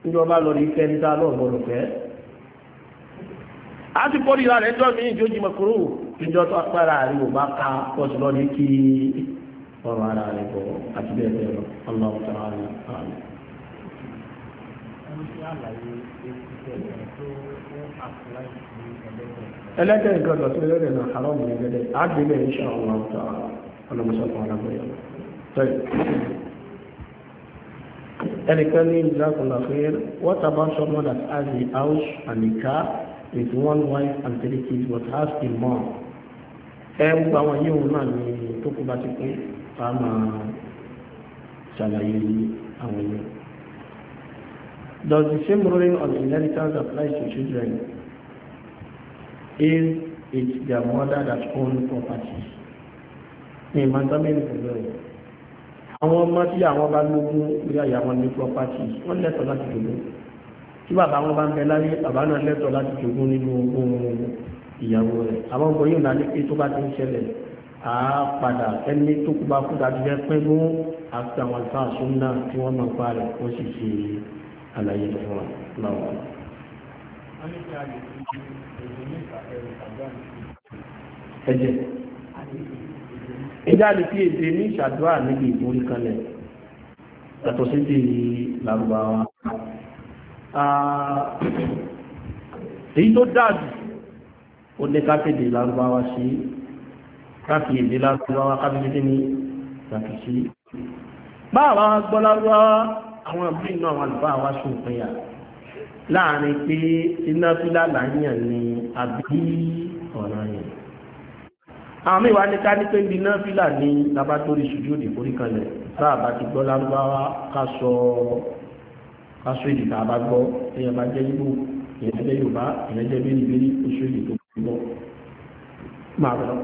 ìjọba lọ rí kẹ́ńtà lọ́ọ̀gbọ̀rọ̀ fẹ́ẹ́ a ti kọ́ ìlà rẹ̀ jọ mi ìjọ jìmọ̀ kúrò ìjọ tó apára rí ò bá ka pọ̀jù lọ ní kí ọ̀rọ̀ ara rẹ̀ bọ̀ àti bẹ́ẹ̀ bẹ́ẹ̀ lọ ọlọ́run tó ara rẹ̀ pa mi. ẹlẹ́dẹ̀ nǹkan lọ sí ẹlẹ́dẹ̀ náà àrọ́ mi ẹlẹ́dẹ̀ á gbé bẹ́ẹ̀ ní sọ̀rọ̀ ọlọ́run tó ara ọlọ́mọṣọ́ kan alágbèyàn ẹnìkan ní ìdákùnlá fún yẹn wọ́n tàbá sọ mọ́ that as the house and the car with one wife and three kids but has a mom. ẹ ń gba àwọn yíò náà ní tó kú bá ti pé ká máa ṣàlàyé àwọn yẹn. Does the same ruling on inheritance apply to children if it's their mother that owns property? ní ìmọ̀ntánmẹ́rin pẹ̀lú ẹ̀ àwọn ọmọ tí àwọn bá lógún orí àyàwọn ní property wọ́n lẹ́tọ̀ọ́ láti dòdò tí bàbá wọn bá ń bẹ láyé bàbá náà lẹ́tọ̀ọ́ láti jogún nínú ohun ìyàwó rẹ̀ àwọn ọkọ̀ yóò náà ní pé tó bá ti ń ṣẹlẹ̀ á padà ẹni tó kú bá kú dájú jẹ́ pé mú àti àwọn àlùfáà sún náà tí wọ́n máa pa rẹ̀ ó sì ṣe àlàyé fún wa láwọn. ẹ̀jẹ̀ ẹ̀jẹ̀ àlè fi èdè ní ìṣàdúrà níbi ìforíkanlẹ̀ yàtọ̀ sí ti làrúbáwá. Ah, èyí tó dáàdù ó lé kákéde lárúbáwá sí káfí èdè lárúbáwá kábílẹ̀ ní ìtàkì sí báwa gbọ́ lárúbáwá àwọn ìbínú àwọn àlùfáà wá sí ìpínyà láàrin pé iná fílà láyàn ni àbí ọ̀ràn yẹn àwọn ìwà ní ká ní pé ibi náà fílà ní labatori sùjú òdìbò rí kanlẹ̀ sáà bá ti gbọ́ lárúbáwá ká sọ aṣọ èdè tá a bá gbọ́ èèyàn bá jẹ́ Ìgbò èèyàn jẹ́ Yorùbá èèyàn jẹ́ bíríbírí oṣù èdè tó gbọ́ máa lọ.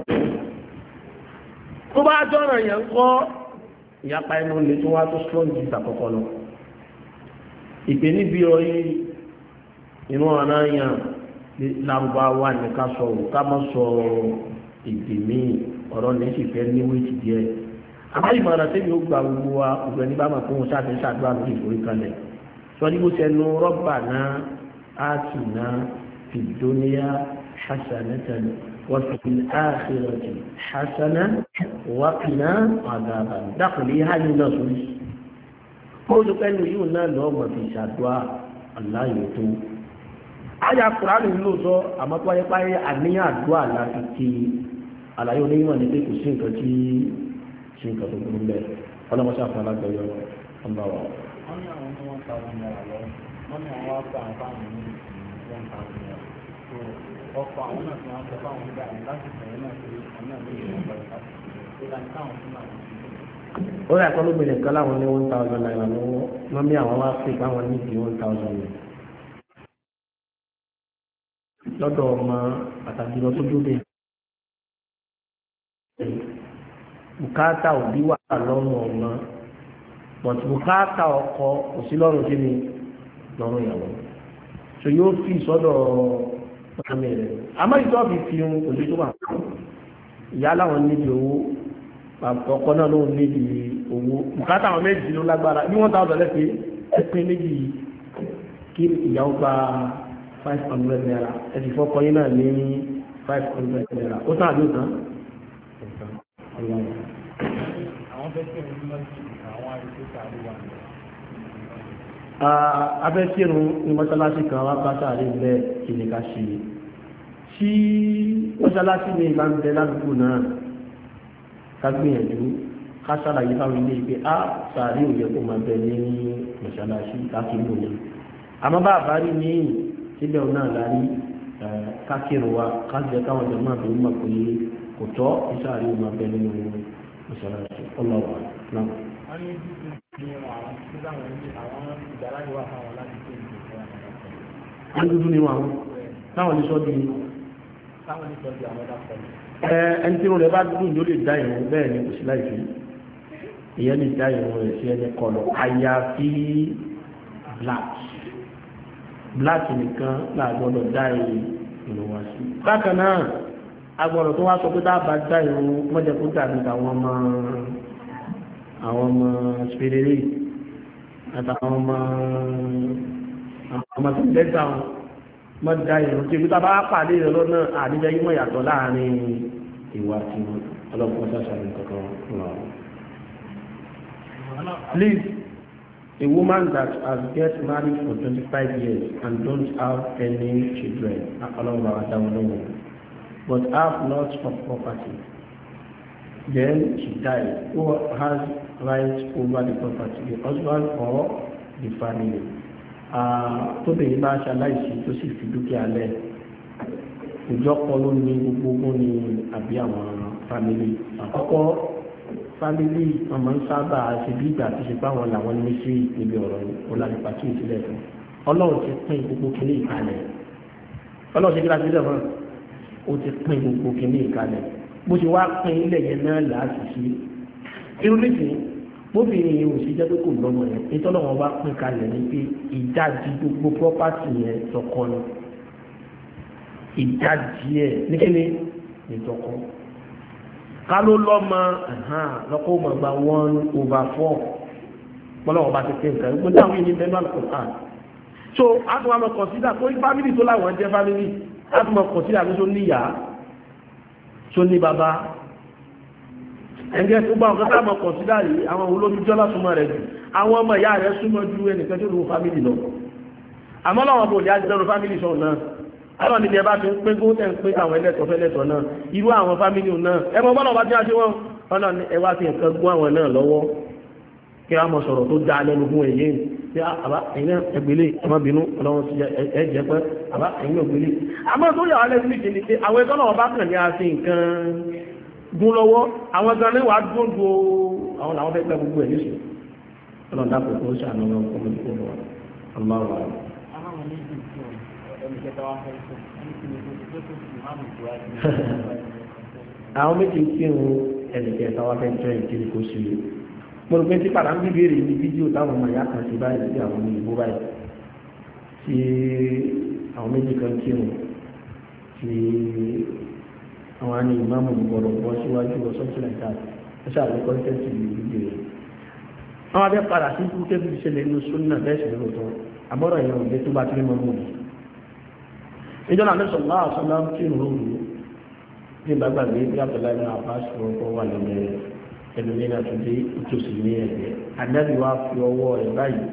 tó bá jọ̀rọ̀ yẹn kọ́ ìyapa ẹnu lè tó wá tó strong ju ìtàkọ́kọ́ lọ. ìpè níbi ọyẹ inú ọ̀nà yẹn lárúbáwá ni ká sọ ò ká má sọ èdè míì ọ̀rọ̀ ní sì fẹ́ ní wíìtì díẹ̀. àmọ́ ìmọ̀ràn tẹ́mi ó gba gbogbo wa ògbẹ́ni bá máa kó wọn ṣáà sọ́dí bó tẹnu rọ́bà náà áàtì náà fi dúníyà hasanatan wa fi al-akhirati hasanatan wa qina adhaban dákùnlé hàní náà sórí kó ló pẹ́lú yóò náà lọ́ọ́ mọ̀ fi ṣàdúrà aláyò tó àyà kùránì ló sọ àmọ́ tó wáyé páyé àníyàn àdúrà láti ti àlàyé onímọ̀ ní pé kò sí nǹkan tí sí nǹkan tó burú bẹ́ẹ̀ ọlọ́mọṣẹ́ àfọlágbẹ́yọ ọmọ wa thousand naira lọ mọ́mí àwọn wá gba àwọn fáwọn ní one thousand naira so ọkọ̀ àwọn náà tí wọ́n sọ fáwọn nígbà yẹn láti sọ̀rọ̀ náà pé àwọn náà lè yẹ ọgbà ìta tó láti táwọn fún àwọn ó yà kọ́ lóbìnrin kan láwọn ní one thousand naira lọ́wọ́ mọ́mí àwọn wá pè báwọn ní di one thousand naira lọ́dọ̀ ọmọ pàtàkì lọ sójú bẹ́ẹ̀. bùkátà òbí wà lọ́rùn ọmọ but bùkátà ọkọ kò sí lọ́rùn kí ni lọ́rùn ìyàwó so yóò fi sọ́dọ̀ ọmọ rẹ̀ àmọ́ ìtọ́ fi fi hun kò sí tó wà ìyá láwọn níbi owó ọkọ náà lóun níbi owó bùkátà àwọn méjì ló lágbára bí wọ́n ta ọ̀dọ̀ lẹ́sẹ̀ ẹ̀pin méjì kí ìyàwó gba five hundred naira ẹ̀sìn fọ́kọ yín náà ní five hundred naira ó sáà ló tán. àwọn fẹ́ sẹ́yìn ní wọ́n ti abẹ́kírun ní mọ́sálásí kan wá bá sáàrí ilẹ̀ ìlẹ́ka ṣe tí mọ́sálásí ní ìgbà ń bẹ ládùúgbò náà ká gbìyànjú ká ṣàlàyé fáwọn ilé pé á sáàrí òye kó máa bẹ ní mọ́sálásí kákínú ni àmọ́ bá àbárí ní síbẹ̀ náà lárí kákírun wa ká jẹ́ káwọn jọ máa bẹ̀rù mọ̀ pé kò tọ́ ìsáàrí òye máa bẹ nínú mọ́sálásí ọlọ́wà náà. Ẹni nínú àwọn táwọn ní sọ́dí ni. Ẹni tí rẹ̀ bá dùn ló lè dá ìrùn bẹ́ẹ̀ ni kò sí láì fi. Ìyẹn lè dá ìrùn rẹ̀ sí ẹni kọlọ̀. Àyàfi black. Black nìkan láàgbọ́dọ̀ dá ìrùn wá sí. Bákan náà, agbọ̀rọ̀ tó wá sọ pé tá a bá dá ìrùn mọ́jẹ̀kú dàbí àwọn ọmọ àwọn ọmọ spiriri àtàwọn ọmọ ọmọ tẹ̀lẹ́tà wọn mọ́ da ìrùn tí ibi tábà pàdé ìrọ̀lọ́ náà àdíjẹ́ yímọ̀ yàtọ̀ láàrin ìwà tí ọlọ́pàá sàṣàrin kankan lọ. Please, a woman that has get married for 25 years and don't have any children, but have lots of property. Then she died. Who has rights over the property? The husband or the family? Ah, Tóbìnrin bá ṣaláìsí tó sì fi dúkìá lẹ̀. Ìjọpọ̀ ló ní gbogbo ní àbí àwọn fámìlì. Àkọ́kọ́ fámìlì wọn máa ń sábà ṣe bí ìgbà tó ṣe bá wọn làwọn ní sí níbi ọ̀rọ̀ olùdarípa kí n sílẹ̀ fún. Ọlọ́run ti pín gbogbo kìíní ìkalẹ̀. Ọlọ́run ti kí láti sílẹ̀ fún Ó ti pín gbogbo kìíní ìkalẹ̀ bó ṣe wá pín ilẹ̀ yẹn náà láti ṣe irú nìsín bóbìnrin yìí ò sí jẹ́ pé kò lọ́mọ yẹn nítorí wọn bá pín kalẹ̀ ní pé ìdajì gbogbo property yẹn tọkọ ni ìdajì ẹ̀ níkẹ́ni ìtọkọ ká ló lọ́mọ lọ́kọ́ ó máa gba one over four pọ́lọ́wọ́ bá ti pín nǹkan gbogbo dáhùn yìí ní bẹ́ẹ̀ lọ́kọ̀ kan so a tún wá mọ̀ consider pé family tó láwọn jẹ́ family a tún mọ̀ consider pé tó níyàá tó ní bàbá ẹgbẹ́ tó bá ọ̀gá táàmà kọ̀sídà yìí àwọn olómi jọ́lá súnmọ́ rẹ̀ jù àwọn ọmọ ìyá rẹ̀ súnmọ́ ju ẹnìkan tó lu fámìlì lọ àmọ́ láwọn bò ní àjẹsẹ́nu fámìlì sọ náà àwọn níbi ẹbá fi ń pín góńtẹ̀ ń pín àwọn ẹlẹ́tọ̀ fẹ́lẹ́tọ̀ pé àbá ẹ̀yìn ẹgbẹ̀lẹ̀ ọmọbìnú ọlọ́run ti ẹ̀jẹ̀ pẹ́ àbá ẹ̀yìn ògbẹ̀lẹ̀ àmọ́ tó yàwó lẹ́sìn méje ni pé àwọn ẹ̀tọ́ náà bá kàn ní àti nǹkan gún lọ́wọ́ àwọn ẹ̀tọ́ náà wàá dún du àwọn làwọn fẹ́ pẹ́ gbogbo ẹ̀ níṣù ọlọ́run dàpọ̀ tó ṣàánú <laughs> àwọn méjì ń kírun ẹnìkẹta wá fẹ́ jẹ́ ìkíni kó sí i mo rò pé tí padà ń bí béèrè ní fídíò táwọn ọmọ ìyá kan ṣe báyìí sí àwọn ọmọ ìbò báyìí tí àwọn méjì kan kírun tí àwọn àni ìmáàmù gbọdọ̀ bọ́ síwájú lọ sọ́ọ̀tì láì ká ẹ ṣáà lọ kọ́ńtẹ́ǹtì ní fídíò rẹ̀. àwọn abẹ́ padà sí kú kébù ìṣẹ̀lẹ̀ inú súnà bẹ́ẹ̀ sì lóòótọ́ àbọ̀rọ̀ yẹn ò dé tó bá ti mọ́ mọ́ ìjọba àmì sọ̀rọ̀ láàṣọ láwọn kírun lóru ní ìgbàgbàgbé bí ẹlòmí náà tó dé ìtòsí ní ẹ̀gbẹ́ adájú wa fi ọwọ́ ẹ̀ báyìí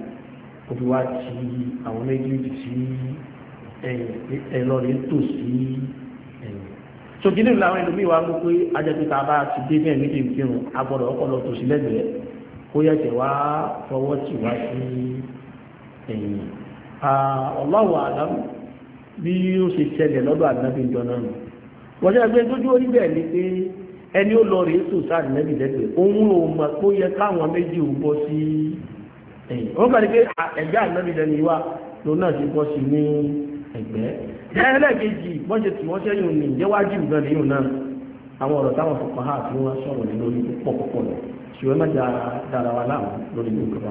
ó fi wá ti àwọn méjèèjì sí ẹlọ́rin tòsí ẹ̀yìn sògìdì làwọn ẹlòmí wa mú pé ajẹ́pẹ́ta bá ti dé bẹ́ẹ̀ méjì ń kírun agbọ́dọ̀ ọpọlọ tòsí lẹ́gbẹ̀ẹ́ kó yẹ̀tẹ̀ wá fọwọ́ tì wá sí ẹ̀yìn ọlọ́wọ̀ àdám bí ó ṣe ṣẹlẹ̀ lọ́dọ̀ àdínábìnjọ náà wọ́n ṣe ẹgbẹ́ tójú orí bẹ́ẹ̀ ni pé ẹni ó lọ rèé tó sáà nẹ́bì lẹ́gbẹ̀ẹ́ òun ò mọ̀ tó yẹ káwọn méjì ò bọ́ sí ẹ̀yìn wọ́n kàn ní pé ẹ̀gbẹ́ lẹ́nu wa náà ti bọ́ sí ní ẹ̀gbẹ́ ẹlẹ́ẹ̀kejì wọ́n ṣe tì wọ́n sẹ́yìn òní ìjẹ́wájú ìgbà lẹ́yìn náà àwọn ọ̀rọ̀ táwọn fọ̀pọ̀ hà tí wọ́n sọ̀rọ̀ ní lórí púpọ̀ púpọ̀ lọ ṣùgbọ́n má dára wa lórí gbogbo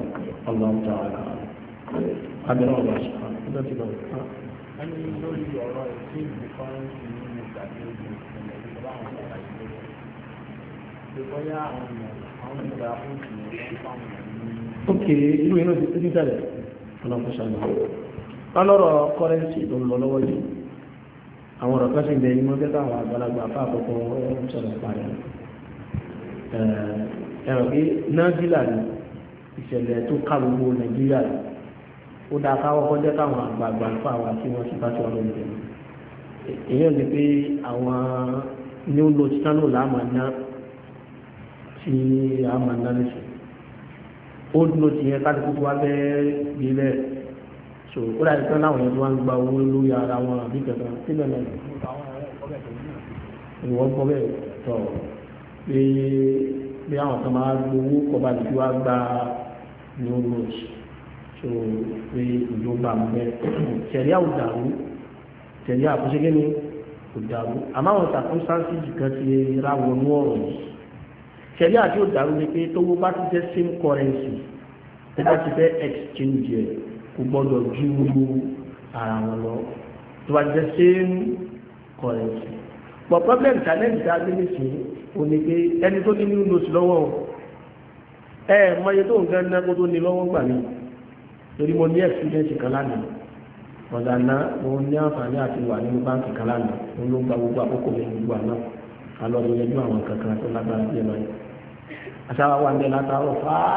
ok irú inú ti tẹ́jú tẹ́lẹ̀ ọlọ́pùsànà lọ́lọ́rọ̀ kọ́rẹ́ǹsì tó ń lọ lọ́wọ́ yìí àwọn ọ̀rọ̀ kọ́sì ilẹ̀ inú tẹ́ta àwọn àgbàlagbà fà àkọ́kọ́ sọ̀rọ̀ parí ẹ̀rọ pé nàìjíríà ni ìṣẹ̀lẹ̀ tó ká gbogbo nàìjíríà ni ó dáa káwọ́ kọjá káwọn àgbààgbà fà wá kí wọ́n sì bá tí wọ́n lọ nìyẹn èèyàn ni pé àwọn ní ó lo titano láàmú ẹ̀ tí a máa ná lẹ́sẹ̀ ó dúró ti yẹ káàdì kúkú wá fẹ́ bẹ́ẹ̀ so ó dàbí pé láwọn yẹn tó wá ń gba owó lórí ara wọn àbí kẹta síbẹ̀ náà ìwọ gbọ́ bẹ́ẹ̀ tọ̀ pé bí àwọn kan máa gbowó kọba lè wá gba new rules so pé ìjọba ń bẹ tẹ̀lé àwùjọ tẹ̀lé àkóṣe kí ni kò dàrú àmọ́ àwọn circumstances kan ti ra wọnú ọ̀rọ̀ yìí ṣẹ̀rí àti òdàrú ni pé tówó bá ti jẹ́ same currency tó bá ti fẹ́ exchange ẹ̀ kò gbọ́dọ̀ ju ara wọn lọ tó bá ti jẹ́ same currency but problem challenge tá a gbé nísìnyí òun ni pé ẹni tó ní nínú oṣù lọ́wọ́ ẹ ẹ mọ iye tó ń gán ná kó tó ní lọ́wọ́ gbà mí torí mo ní experience kan lánàá ọ̀dàná mo ní àǹfààní àti wà nínú báńkì kan lánàá mo ló ń gba gbogbo àkókò mi gbogbo àná alọ́ ni ẹjọ́ àwọn kankan tó lágbára bí ẹ máa yẹ asáwà wà ní látàrọ̀ fàá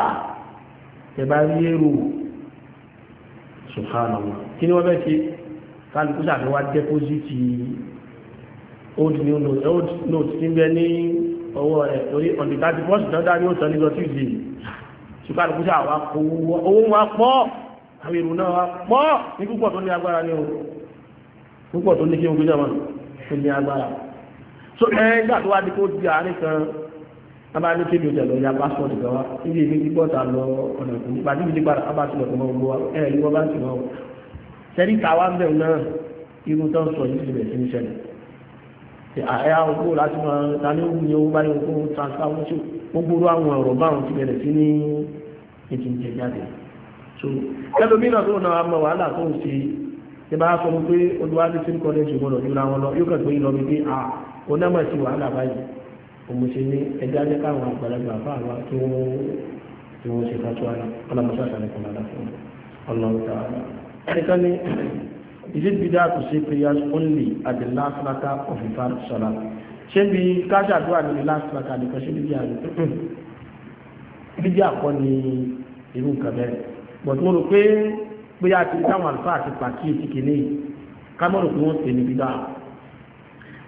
ẹ̀bá rí èrò subhanallah kí ni wọ́n bẹ́ ṣe kálukú sàfihàn dẹ́pọ́sìtì old note tí ń bẹ ní ọwọ́ rẹ̀ torí on the thirty first náà dárí òtọ́ níjọ tuesday ṣùkálukú sàwà owó wa pọ̀ àwọn èrò náà wa pọ̀ ní púpọ̀ tó ní agbára ní o púpọ̀ tó ní kí n gbé so ẹgbà tó wá di kan tábà ní kébì òjò lọ́ọ́ ya pásítọ̀tì gan wa níbi ìbí gbígbọ́ ta lọ ọ̀nà ìkùn nípa níbi tí padà bá tilẹ̀ kọ́ gbogbo ẹ̀ ẹ̀ lọ́wọ́ bá ti wọ́n o sẹ́rí káwá ń bẹ̀rù náà irú tó ń sọ yìí ti bẹ̀rẹ̀ sí ní ṣẹlẹ̀ àyà owó láti máa ta ní òun ní owó báyìí owó transfer owó tí àwọn ọ̀rọ̀ báwọn ti bẹ̀rẹ̀ sí ní ìtìjẹ jáde so ẹlòmíràn tó náà mọ wàhálà tó ń ṣe ní bá sọ pé olúwa ní sí kọ́lẹ́jì gbọ́dọ̀ jùlọ àwọn lọ yóò kàn pé ìlọrin pé à onámọ̀ òmùsí ní ẹja ní káwọn àgbàlagbà fáwọn tí wọ́n tí wọ́n ṣe kájú ara ọlọ́mọṣẹ́ àṣàlẹ̀kùn lára fún ọlọ́run tá a rà. ẹnìkan ní is it bidah to say prayers only at the last raka of the fard salah ṣé bí káṣàdúrà ní last raka nìkan ṣé bíbí àná bíbí àkọ́ ni irú nǹkan bẹ́ẹ̀ but mo rò pé pé a ti dáwọn àlùfáà ti pàkíyèsí kìíní ká mọ̀ rò pé wọ́n ṣe ní bíbá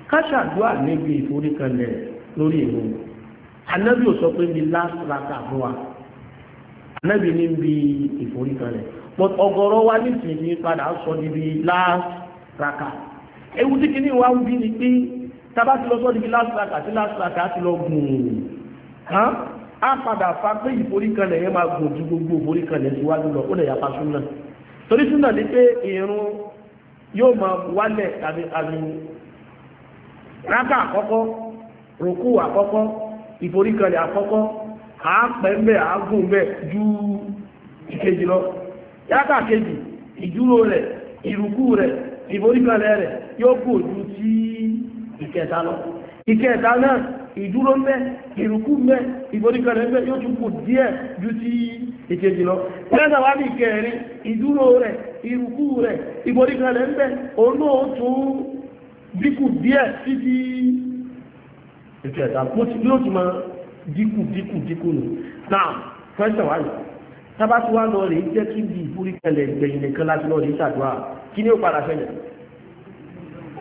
káṣàdúrà níbi lórí ìlú anábì ò sọ pé bí last raka fún wa anábì ní bí ìforíkanlẹ̀ but ọ̀gọ̀rọ̀ wa nísìnyí padà sọ di bí last raka ewu tí kìíní wa ń bí ni pé tábà ti lọ sọ di bí last raka tí last raka ti lọ gùn ún á padà fa pé ìforíkanlẹ̀ yẹn máa gùn ju gbogbo ìforíkanlẹ̀ síwájú lọ ó lè yàpa súnà torí súnà ni pé ìrun yóò máa wálẹ̀ tàbí àmì raka àkọ́kọ́ rùkú àkọ́kọ́ ìforíkalẹ̀ àkọ́kọ́ àápẹ́ àágùn mẹ́ ju ìkejì lọ yáta kejì ìdúró rẹ̀ ìrùkú rẹ̀ ìforíkalẹ̀ rẹ̀ yóò kò ju ti ìkẹta lọ ìkẹta náà ìdúró mẹ́ ìrùkú mẹ́ ìforíkalẹ̀ mẹ́ yóò tún kò díẹ̀ ju ti ìkejì lọ lẹ́nà wá iruku ìkẹrin ìdúró ètò ẹ̀dá bó ti yóò ti máa dínkù dínkù dínkù nù náà fẹ́sẹ̀ wáyé tábà tí wàá lọ rèé jẹ́ kí bí ìforíkẹlẹ̀ gbẹ̀yìn nìkan láti lọ rèé ṣàdúrà kí ni ó padà ṣẹlẹ̀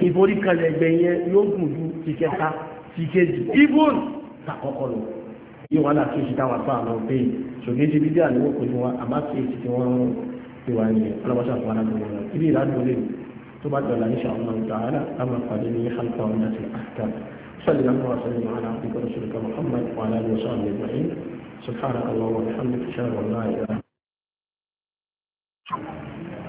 ìforíkẹlẹ̀ gbẹ̀yìn yóò gùn ju ti kẹta ti kejì ibùn tàkọ́kọ́ lọ yóò wá láti oṣù táwọn afá àmọ́ pé ṣògbéjì bíbí àníwò pé wọn àmọ́ sí èsì tí wọ́n ti wà ní ọlọ́wọ́sọ àfọwọ́ alágbèrè wọn ibi ìlànà olè tó bá dọ̀là ní sàmúlò dáadáa láwọn àpàdé ní hàlùkọ́ ọ̀nà àti àkàtà صلى الله وسلم على عبدك ورسولك محمد وعلى اله وصحبه اجمعين سبحانك اللهم وبحمدك اشهد ان لا اله الا انت